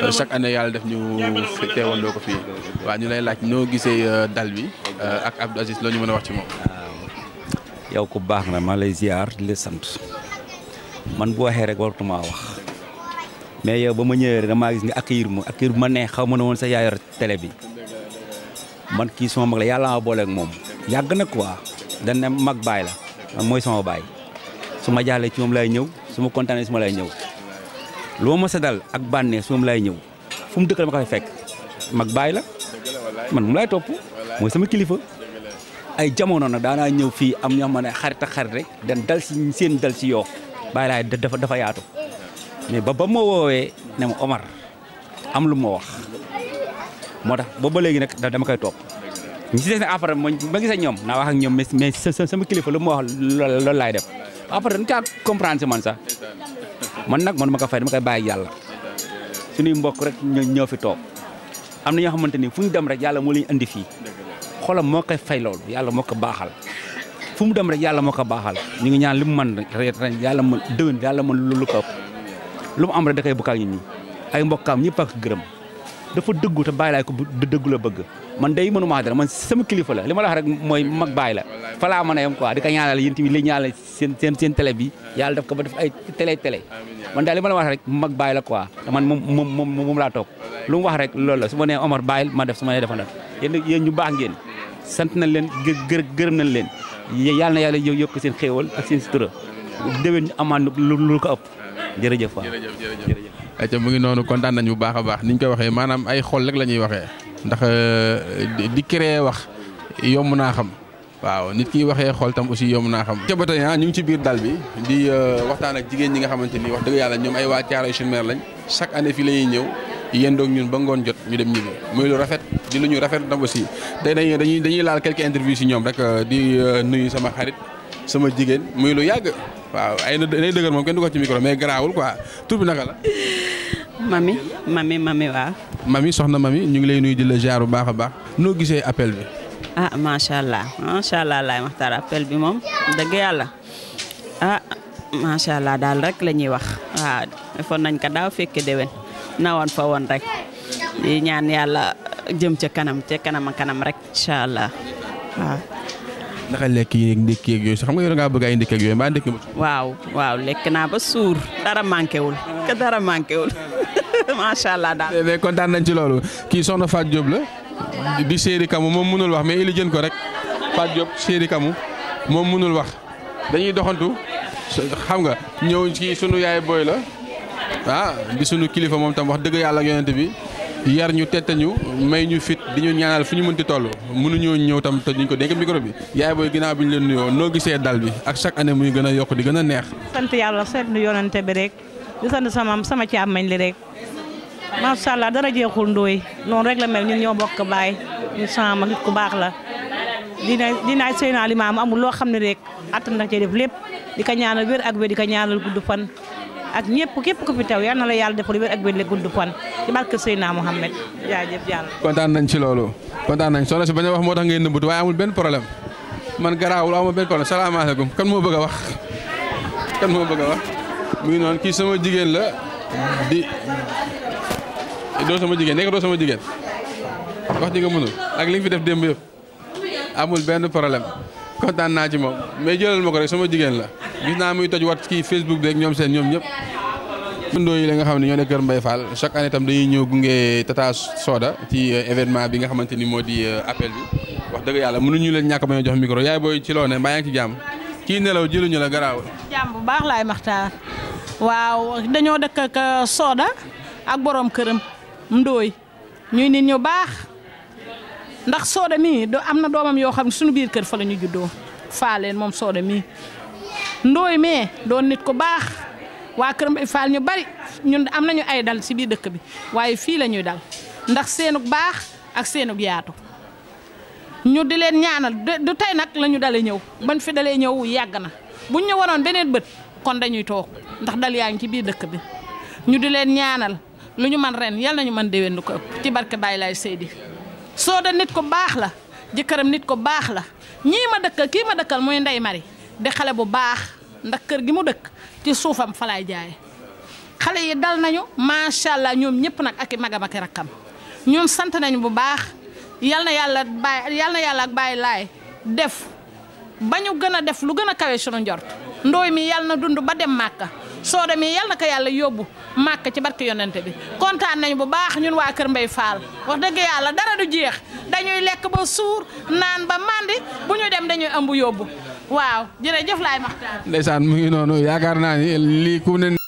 euh, chaque année yàlla def ñu teewandoo ko fii waaw ñu lay laaj noo gisee euh, dal bi ak Abdou Aziz loo ñu mën a wax ci moom. yow ku baax na ma lay ziar di sant. man bu waxee rek warutuma wax mais yow ba ma ñëwee rek damaa gis nga ak ma accueillir ma neex xaw ma ne woon sax yaa yor télé bi man kii sama mag la yàlla ma booleeg moom. yàgg na quoi dañ ne mag baay la mooy sama baay su ma jaaxlee ci moom lay ñëw suma ma kontaanee su ma lay ñëw lu ma mos dal ak bànnee su moom lay ñëw fu mu dëkkal ma ko fekk mag baay la man mu lay topp mooy sama kilifa. ay jamono nag daanaa ñëw fii am ñoo ma ne xarit xarit rek dañ dal si seen dal si yoo Baye dafa dafa yaatu mais ba ba ma wowe ne mo Omar am lu mo wax motax tax ba ba léegi nag dama koy top ni ci def ne après ma ngi sa ñom na wax ak ñom mais sama kilifa lu mo wax loolu lay def après dañ ka comprendre man sa man nak man ma ko fay dama koy baye yalla suñu mbokk rek ñoo fi top amna ñoo xamanteni fuñu dem rek yalla mo leen andi fi xolam mo koy fay loolu yalla mo ko baxal fu mu dem rek yàlla moo ko baaxal ñu ngi ñaan li mu mën rek yàlla mën déwén yàlla mën lu ko lu mu am rek da koy bokkaak nit ñi ay mbokkaam ñëpp ak gërëm dafa dëggu te bàyyi laay ko dëggu la bëgg man day mënumaa dara man sama kilifa la li ma la wax rek mooy mag bàyyi la falaa mën a yem quoi di ko ñaanal yéen tamit li ñaanal seen seen seen télé bi yàlla daf ko ba def ay télé télé man daal li ma la wax rek mag bàyyi la quoi man moom moom moom moom laa toog lu mu wax rek la su ma nee Omar bàyyil ma def su ma nee defal yéen yéen ñu yàlla na yàlla yokk seen xéewal ak seen sutura déwén ñu amaat lu lu ko ëpp jërëjëf waaw jërëjëf mu ngi noonu kontaan nañ bu baax a baax ni ñu koy waxee maanaam ay xol rek la ñuy waxee ndax euh, di créé wax yomb naa xam waaw nit ki waxee xol tam aussi yomb naa xam ca ba ah, ñu ngi ci biir dal bi di euh, waxtaan ak jigéen ñi nga xamante ni wax dëgg yàlla ñoom ay waa Thiaroye sur Mer lañ chaque année fi la ñuy ñëw yendoog ñun ba ngoon jot ñu dem ñibbi muy lu rafet di lu ñu rafet na aussi tey dañuy dañuy laal quelques interviews si ñoom rek euh, di euh, nuyu sama xarit sama jigéen muy lu yàgg waaw ay na day dëgër moom kenn du ko ci micro mais garaawul quoi tur bi naka la. mami mami mami waaw. mami soxna mami ñu ngi lay nuyu di la jaar baax a baax noo gisee appel bi. ah macha allah macha allah laay waxtaan appel bi moom dëgg yàlla ah, allah daal rek la ñuy wax waaw defoon nañ ko daaw fekke déwén. Nawan fa rek di ñaan yàlla jëm ca kanam ca kanam kanam rek incha allah waaw. naka lekk yi ndékki ak yooyu xam nga yow da bëgg ay ndékki ak ba mbaa waw waw lek na ba sour dara manké wul ke dara manké wul sha allah da be eh, contane eh, nañ ci lolu ki soxna la di séri kamu mom mënul wax mais ili jën ko rek Fatou Diop séri kamu mom mënul wax dañuy doxantu xam nga ñew ci sunu yaay boy la. ah di sunu kilifa moom tam wax dëgg yàlla ak yonent bi yar ñu tette ñu may ñu fit di ñu ñaanal fu ñu mënti toll mënuñoo ñëw tam te duñ ko dénk micro bi. yaay booy ginnaaw bi ñu leen nuyoo noo gisee dal bi ak chaque année muy gën a yokk di gën a neex. sant yàlla yonent bi rek di sant sama sama càmmañ li rek macha allah dara jeexul ndóoy noonu rek la mel ñun ñoo bokk baay ñu sama nit ku baax la. dina dina seen alimaam amul loo xam ne rek attan na ak ñepp képp ko fi taw yal na la yalla defal wër ak wér le gudd fan ci barke Seydina Mohamed jëf yalla contane nañ ci lolu contane nañ solo ci baña wax moo tax ngeen neubut waaye amul benn problème man garaawul amul benn problème salaamaaleykum kan mo bëgg wax kan mo bëgg wax muy non ki sama jigen la di do sama jigen nek do sama jigen wax di nga mënul ak li fi def demb yëp amul benn problème. kontaan naa ci moom mais jëlal ma ko rek sama jigéen la gis naa muy toj wat kii Facebook bi rek ñoom seen ñoom ñëpp. ndoo yi la nga xam ne ñoo nekk Kër Mbaye Fall chaque année tam dañuy ñëw gunge Tata Soda ci euh, événement bi nga xamante ni moo di euh, appel bi wax dëgg yàlla mënuñu leen ñàkk ba ñu jox micro yaay booy ci loo ne mbaa yaa ngi ci jàmm kii nelaw jëluñu la garaawul. jàmm bu baax laay maxtaar waaw dañoo dëkk ak euh, Soda ak borom këram Ndoye ñuy nit ñu baax. ndax sooda mii do am na doomam yoo xam ne suñu biir kër fa la ñu juddoo faaleen moom sooda mii ndooy mee doon nit ko baax waa kër Mbay Faal ñu bari ñun am nañu ay dal ci biir dëkk bi waaye fii la ñuy dal ndax seenug baax ak seenug yaatu ñu di leen ñaanal du tey nag lañu dale ñëw ñëw ban fi dalee ñëw yàgg na buñ ñu waroon beneen bët kon dañuy toog ndax dal yaa ngi ci biir dëkk bi ñu di leen ñaanal lu ñu man ren yal nañu man déwén lu ko ci barke Baay Laay Seydi soo de nit ko baax la jëkkëram nit ko baax la ñii ma dëkkal kii ma dëkkal mooy Ndey Mari di xale bu baax ndax kër gi mu dëkk ci suufam falaay jaay xale yi dal nañu macha allah ñoom ñëpp nag ak i magam ak i rakkam ñoom sant nañu bu baax yal na yàlla bàyyi yal na yàlla ak bàyyi laay def ba ñu gën a def lu gën a kawe sunu njort ndooy mi yal na dund ba dem màkka sooda mi yal na ko yàlla yóbbu màkk ci barke yonente bi kontaan nañu bu baax ñun waa Kër Mbay Fall wax dëgg yàlla dara du jeex dañuy lekk ba suur naan ba màndi bu ñu dem dañuy ëmb yóbbu waaw jërëjëf laay maxtaan ndeysaan mu ngi yaakaar naa ni lii ku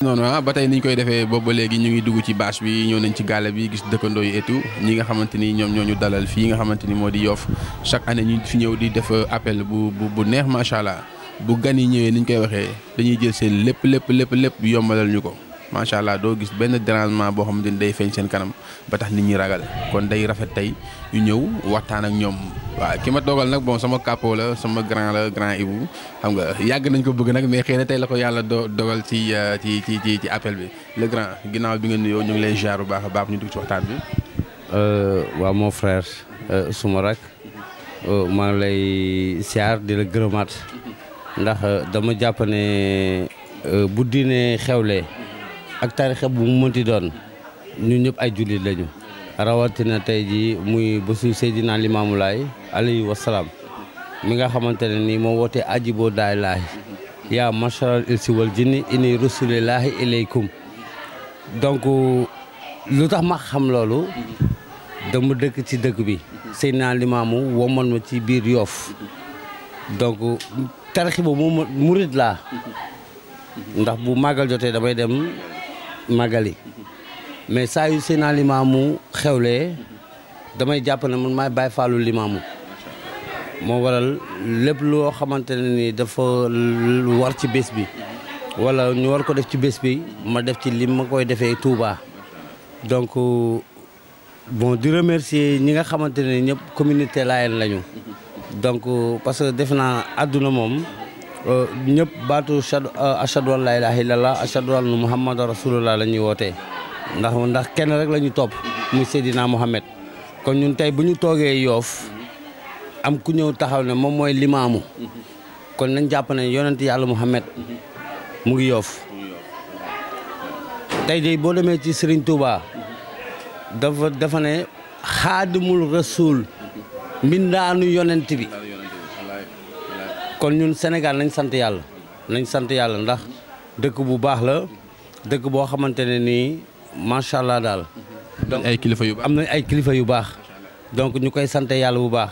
noonu ah ba tey niñ koy defee boobu ba léegi ñu ngi dugg ci bâche bi ñëw nañ ci gàlle bi gis dëkkandoo yi et ñi nga xamante ni ñoom ñooñu dalal fii nga xamante ni moo di Yoff chaque année ñu fi ñëw di def appel bu bu neex macha allah bu gan yi ñëwee niñ koy waxee dañuy jël seen lépp lépp lépp lépp yombalal ñu ko macha allah doo gis benn dérangement boo xamante ni day feeñ seen kanam ba tax nit ñi ragal kon day rafet tey yu ñëw waxtaan ak ñoom waaw ki ma dogal nag bon sama capot la sama grand la grand Ibou xam nga yàgg nañ ko bëgg nag mais xëy na tey la ko yàlla do dogal ci euh, ci ci ci ci appel bi le grand ginnaaw bi nga nuyoo ñu ngi lay ziar bu baax a baax ñu dugg ci waxtaan bi. Euh, waaw mon frère euh, suma rak maa ngi lay ziar di la gërëmaat ndax dama jàpp ne bu diine xewlee ak tarixa bu mu mënti doon. ñu ñëpp ay jullit lañu rawatina tey jii muy bésu Seydina Limaamu Laay alayhi wasalaam mi nga xamante ne nii moo wootee aji boo daay laay yaa macharal ilsi wal jinni inni rasulillaahi ilaykum donc lu tax ma xam loolu dama dëkk ci dëkk bi Seydina Limaamu woman ma ci biir Yoof donc tarixi ba mu murit ndax bu màggal jotee damay dem màggali mais saa yu Seydina Limaamu xewlee damay jàpp ne man maay Baay Faalu Limaamu moo waral lépp loo xamante ne ni dafa lu war ci bés bi wala ñu war ko def ci bés bi ma def ci lim ma koy defee Touba donc bon di remercier ñi nga xamante ne ñëpp communauté laayeen lañu donc parce que defe naa adduna moom euh, ñëpp baatu ashhadu euh, an laa ilaaha illallaah ashhadu anna muhammadan rasulullah la ñuy wootee ndax ndax kenn rek la ñu mu muy Seydina Mohamed kon ñun tey bu ñu toogee yoof am ku ñëw taxaw ne moom mooy limaamu kon nañ jàpp ne yonent yàlla Mohamed mu ngi yoof tey de boo demee ci sëriñ Touba dafa dafa ne xaadimul rasul mbindaanu yonent bi kon ñun Sénégal nañ sant yàlla nañ sant yàlla ndax dëkk bu baax la dëkk boo xamante nii macha allah daal. donc ay kilifa yu am na ay kilifa yu baax. donc ñu koy sante yàlla bu baax.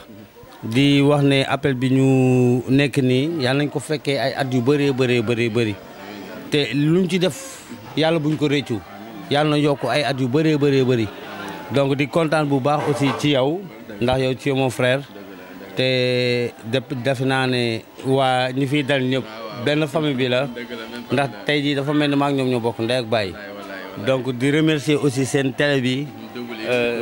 di wax ne appel bi ñu nekk nii yàlla nañ ko fekkee ay at yu bëree bëree bëree bëri. te luñ ci def yàlla buñ ko réccu yàlla na yokk ay at yu bëree bëree bëri. donc di kontaan bu baax aussi ci yow ndax yow ci moom frère. te defe naa ne waa ñi fi dal ñëpp benn famille bi ndax tey jii dafa mel ni maa ngi ñoom ñoo bokk ndey ak baay. donc di remercier aussi sen télé bi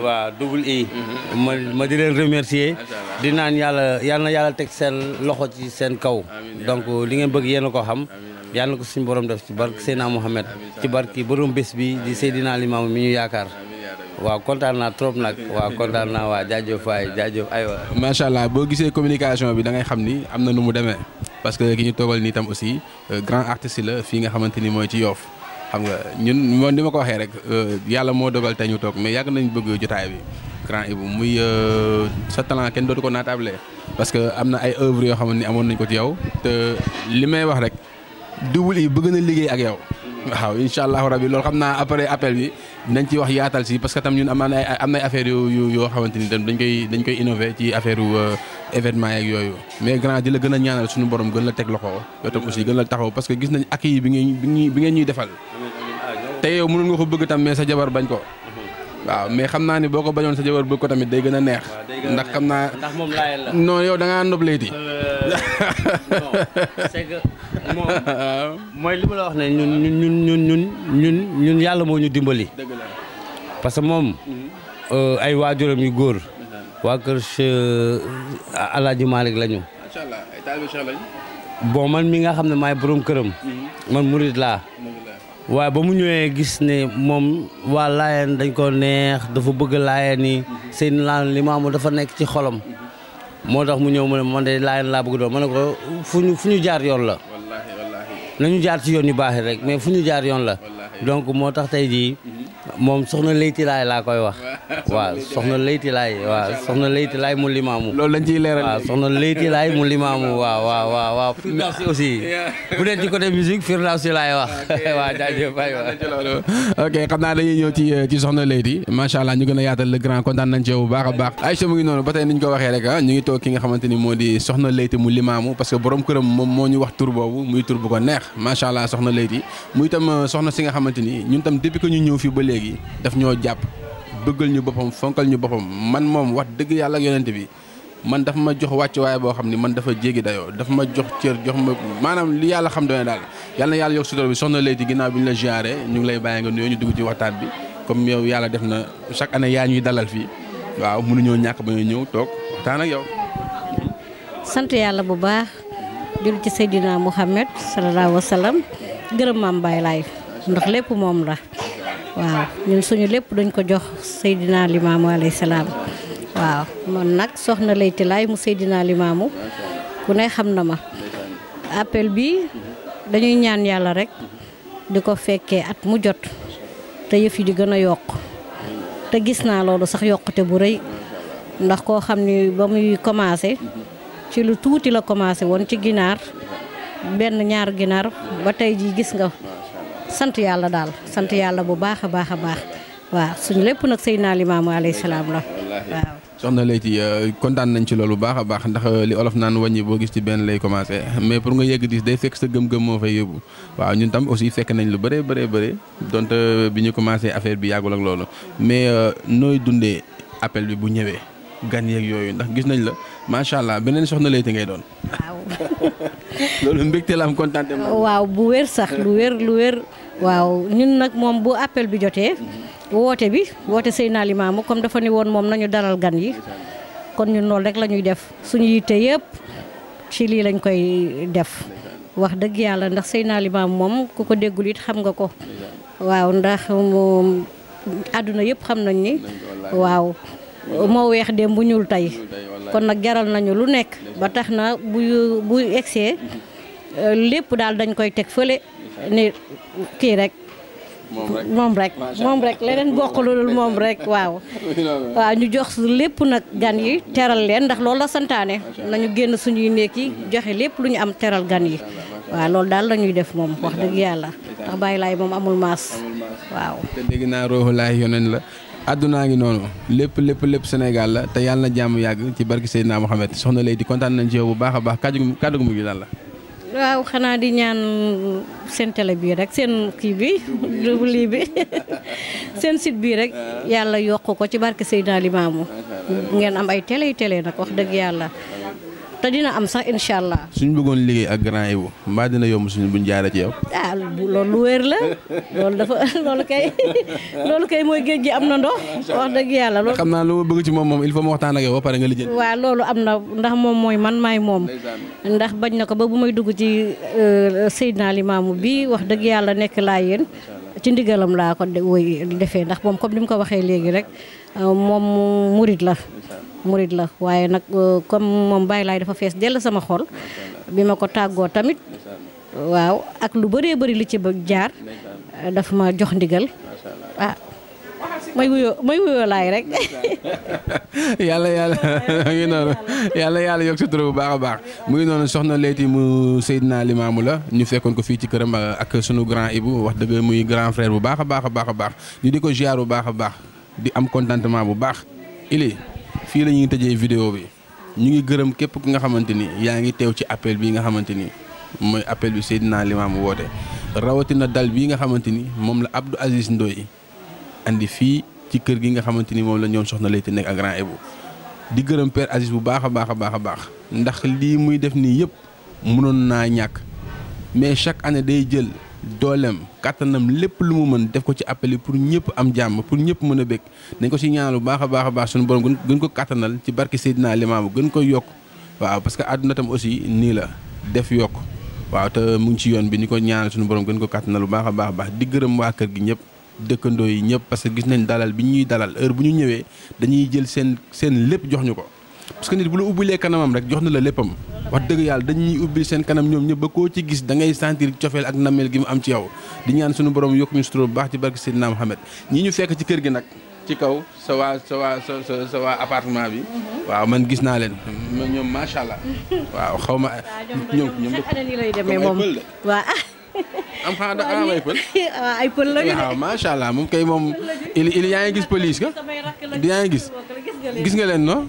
waaw double i euh, mm-hmm. ma ma di leen remercier di nan yàlla yal na yàlla teg seen loxo ci seen kaw donc li ngeen bëgg yéen a ko xam yal na ko suñu borom def ci barke ci barki borom bi di Seydina Limaamu mi ñu yaakaar waaw kontaan naa trop nag waaw kontaan naa waa jaajëf waay jaajëf aywa macha allah boo gisee communication bi da ngay xam ni am na nu mu demee parce que ki ñu tam aussi euh, grand artiste la fii nga xamante ni ci Yoff xam nga ñun moom ni ma ko waxee rek euh, yàlla mo dogal tey ñu toog mais yàgg nañ bëgg jotaay bi grand Ibou muy euh, sa talent kenn dootu ko naatable parce que am na ay œuvre yoo xam ne amoon nañ ko ci yow te li wax rek double yi bëgg na liggéey ak yow waaw incha allahu rabi loolu xam naa après appel bi dinañ ci wax yaatal si parce que tam ñun am na ay am na ay yoo xamante ni tam dañ koy dañ koy innové ci affaire euh, événement yeeg yooyu mais grand di la gën a ñaanal suñu borom gën la teg loxo yow tam aussi gën la taxaw parce que gis nañ accueil bi ngeen bi ngeen ñuy defal te yow mënoon nga ko bëgg tam mais sa jabar bañ ko waaw mais xam naa ni boo ko bañoon sa jabar bëgg ko tamit day gën a neex. ndax xam naa ndax moom laayal la. non yow da ngaa nopp léegi. non euh, c'est que moom mooy li ma la wax ne ñun ñun ñun ñun ñun ñun yàlla moo ñu dimbali. dëgg la parce que moom. Mm-hmm. Euh, ay waajuram yu góor. Mm-hmm. waa kër Cheikh euh, El Hadj Malick lañu. macha allah ay taalibe Cheikh bon man mi nga xam ne maay borom këram. Mm-hmm. man murid laa. waaye ba mu ñëwee gis ne moom waa laayeen dañ ko neex dafa bëgg laayeen yi seen laan li maamu dafa nekk ci xolam moo tax mu ñëw mu ne man de laayeen laa bëgg doon ma ne ko fu ñu fu ñu jaar yoon la nañu jaar ci yoon ñu baax rek mais fu ñu jaar yoon la donc moo tax tey jii mhm. moom soxna Leyti Laay laa koy wax. waaw soxna Leyti Laay waaw soxna Leyti Laay mu limaamu. loolu lañ ciy leeral waaw soxna Leyti Laay mu limaamu waaw waaw waaw waaw. merci aussi bu dee ci côté musique Firdawsi laay wax waa jaajëf waay waaw. ok xam naa dañuy ñëw ci euh, ci soxna Leyti macha allah ñu gën a yaatal le grand kontaan nañ ci yow bu baax a baax. Aïcha mu ngi noonu ba tey ni ñu ko waxee rek ah ñu ngi toog ki nga xamante ni moo di soxna Leyti mu limaamu parce que borom këram moom moo ñu wax tur boobu muy tur bu ko neex macha allah soxna Leyti muy tam euh, soxna xamante ni ñun tam depuis que ñu ñëw fii ba léegi daf ñoo jàpp bëggal ñu boppam fonkal ñu boppam man moom wax dëgg yàlla yonent bi man dafa ma jox wàccuwaay boo xam ni man dafa jéegi dayoo dafa ma jox cër jox ma maanaam li yàlla xam doone daal yàlla na yàlla yokk sutura bi soxna Leyti ginnaaw bi ñu la ziare ñu ngi lay bàyyi nga nuyoo ñu dugg ci waxtaan bi comme yow yàlla def na chaque année yaa ñuy dalal fii waaw mënuñoo ñàkk ba ñëw toog waxtaan ak yow. sant ndax lépp moom la waaw ñun suñu lépp dañ ko jox Seydina Limaamu alayhi salaam waaw man nag soxna Leyti Laay mu Seydina Limaamu ku ne xam na ma appel bi dañuy ñaan yàlla rek di ko fekkee at mu jot te yëf yi di gën a yokk te gis naa loolu sax yokkute bu rëy ndax koo xam ni ba muy commencé ci lu tuuti la commencé woon ci ginaar benn ñaar ginaar ba tey jii gis nga sant yàlla daal sant yàlla bu baax a baax a baax waaw suñu lépp nag Seydina Limaamu alayhi salaam la waaw. soxna Leyti euh, kontaan nañ ci loolu baax a baax ndax euh, li olof naan wàññi boo gis ci benn lay commencé mais pour nga yegg dis day fekk sa gëm-gëm moo fa yóbbu waaw ñun tam aussi fekk nañ lu bëree bëree bëri donte euh, bi ñu commencé affaire bi yàggul ak loolu mais nooy dundee appel bi bu ñëwee gan yéeg yooyu ndax gis nañ la. macha benen soxna Leyti ngay don waaw. lolou mbekté la am kontaan waaw bu wér sax lu wér lu wér. waaw ñun nak mom bu appel bi joté woté bi woté seyna limam comme dafa ni won mom nañu dalal gan yi. kon ñun lool rek lañuy def suñu yité yépp ci li lañ koy def. wax deug yalla ndax seyna limam mom ku ko déggul it xam nga ko. waaw ndax mom aduna yépp xam nañ ni. waaw. moo weex dem ñuul tey kon nag jaral nañu lu nekk ba tax na bu bu egsee mhm. euh, lépp daal dañ koy teg fële ni kii rek moom rek moom rek leneen bokk loolu moom rek waaw waa ñu jox lépp nag gan yi teral leen ndax loolu la santaane nañu génn suñuy néeg yi mhm. joxe lépp lu ñu am teral gan yi waaw loolu daal la def moom wax dëgg yàlla ndax bàyyi laay moom amul maas waaw àddunaa ngi noonu lépp lépp lépp Sénégal la te yàlla na jàmm yàgg ci barki Seydina Mohamed soxna di kontaan nañ ci yow bu baax a baax kàddu kàddu mu gi lan waaw xanaa di ñaan seen tele bii rek seen kii bi lii bi seen sit bii rek yàlla yokk ko ci barke Seydina Limaamu ngeen am ay télé télé nag wax dëgg yàlla. te dina am sax incha allah. suñu bëggoon liggéey ak grand yi mbaa dina yomb suñu buñ jaaree ci yow. ah loolu lu wér la loolu dafa loolu kay loolu kay mooy géej gi am na ndox wax dëgg yàlla. loolu xam naa lu bëgg ci moom moom il faut ma waxtaan ak yow ba pare nga lijjanti. loolu am na ndax moom mooy man maay moom ndax bañ na ko ba bu may dugg ci li euh, Limaamu bi wax dëgg yàlla nekk laa yéen. ci ndigalam laa ko woy defee ndax moom comme ni mu ko waxee léegi rek euh, moom murit la murit la waaye nag euh, comme moom Baay Laay dafa fees dell sama xol bi ma ko tàggoo tamit waaw ak lu bëree bari lu ci ba jaar dafa ma jox ndigal ah, may wuyoo may wuyoo laay rek. yàlla yàlla mu ngi noonu yàlla yàlla yokk sutura bu baax a baax mu ngi noonu soxna Leyti mu Seydina Limaamu la ñu fekkoon ko fii ci këram ak sunu grand Ibou wax dëgg muy grand frère bu baax a baax a baax a baax ñu di ko ziar bu baax a baax di am contentement bu baax Ili fii la ñuy tëjee vidéo bi ñu ngi gërëm képp ku nga xamante ni yaa ngi teew ci appel bii nga xamante ni mooy appel bi Seydina Limaamu woote rawatina dal bii nga xamante ni moom la Abdou Aziz Ndoye andi fii ci kër gi nga xamante ni moom la ñoom soxna Leyti nekk ak Grand Ebou di gërëm Père Aziz bu baax a baax a baax a baax ndax lii muy def nii yëpp mënoon naa ñàkk mais chaque année day jël dooleem kàttanam lépp lu mu mën def ko ci appel pour ñëpp am jàmm pour ñëpp mën a bég nañ ko ci ñaanal bu baax a baax a baax suñu borom gën ko kàttanal ci barke Seydina Limaamu gën ko yokk waaw parce que àdduna tam aussi nii la def yokk waaw te mu ngi ci yoon bi ni ko ñaanal suñu borom gën ko kàttanal bu baax a baax baax di gërëm waa kër gi ñëpp dëkkandoo yi ñëpp parce que gis nañ dalal bi ñuy dalal heure bu ñu ñëwee dañuy jël seen seen lépp jox ñu ko parce bu la ubbilee kanamam rek jox na la léppam wax dëgg yàlla dañuy ubbil seen kanam ñoom ñëpp ba koo ci gis da ngay sentir cofeel ak nameel gi mu am ci yow di ñaan suñu boroom yokk ñu sutura bu baax ci barke Seydina Mohamed ñi ñu fekk ci kër gi nag ci kaw sa waa sa waa sa sa waa appartement bi mm-hmm. waaw man gis naa leen mm-hmm. ñoom macha allah waaw xaw ma ñoom am xanaa da am ay pël. waaw ay pël la waaw macha allah moom kay moom. il il yaa ngi gis police ka yaa ngi gis. gis nga leen non.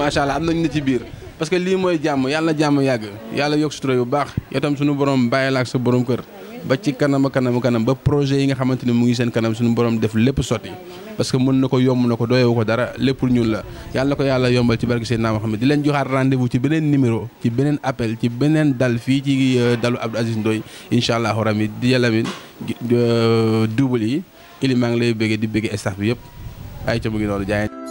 macha allah am nañu ne ci biir. parce que lii mooy jàmm yàlla jàmm yàgg yàlla yokk sutura bu baax yow tam suñu borom bàyyi la ak sa borom kër. ba ci kanam kanam kanam ba projet yi nga xamante ne mu ngi seen kanam suñu borom def lépp sotti parce que mën na ko yomb na ko doyewu ko dara lépp ñun la yàlla ko yàlla yombal ci barke Seydina Mohamed di leen joxaat rendez-vous ci beneen numéro ci beneen appel ci beneen dal fii ci euh, dalu Abdou Aziz Ndoye incha allahu rami di yalamin euh, double yi ili ngi lay bëggee di bëggee staff bi yëpp ay ca mu ngi noonu jaay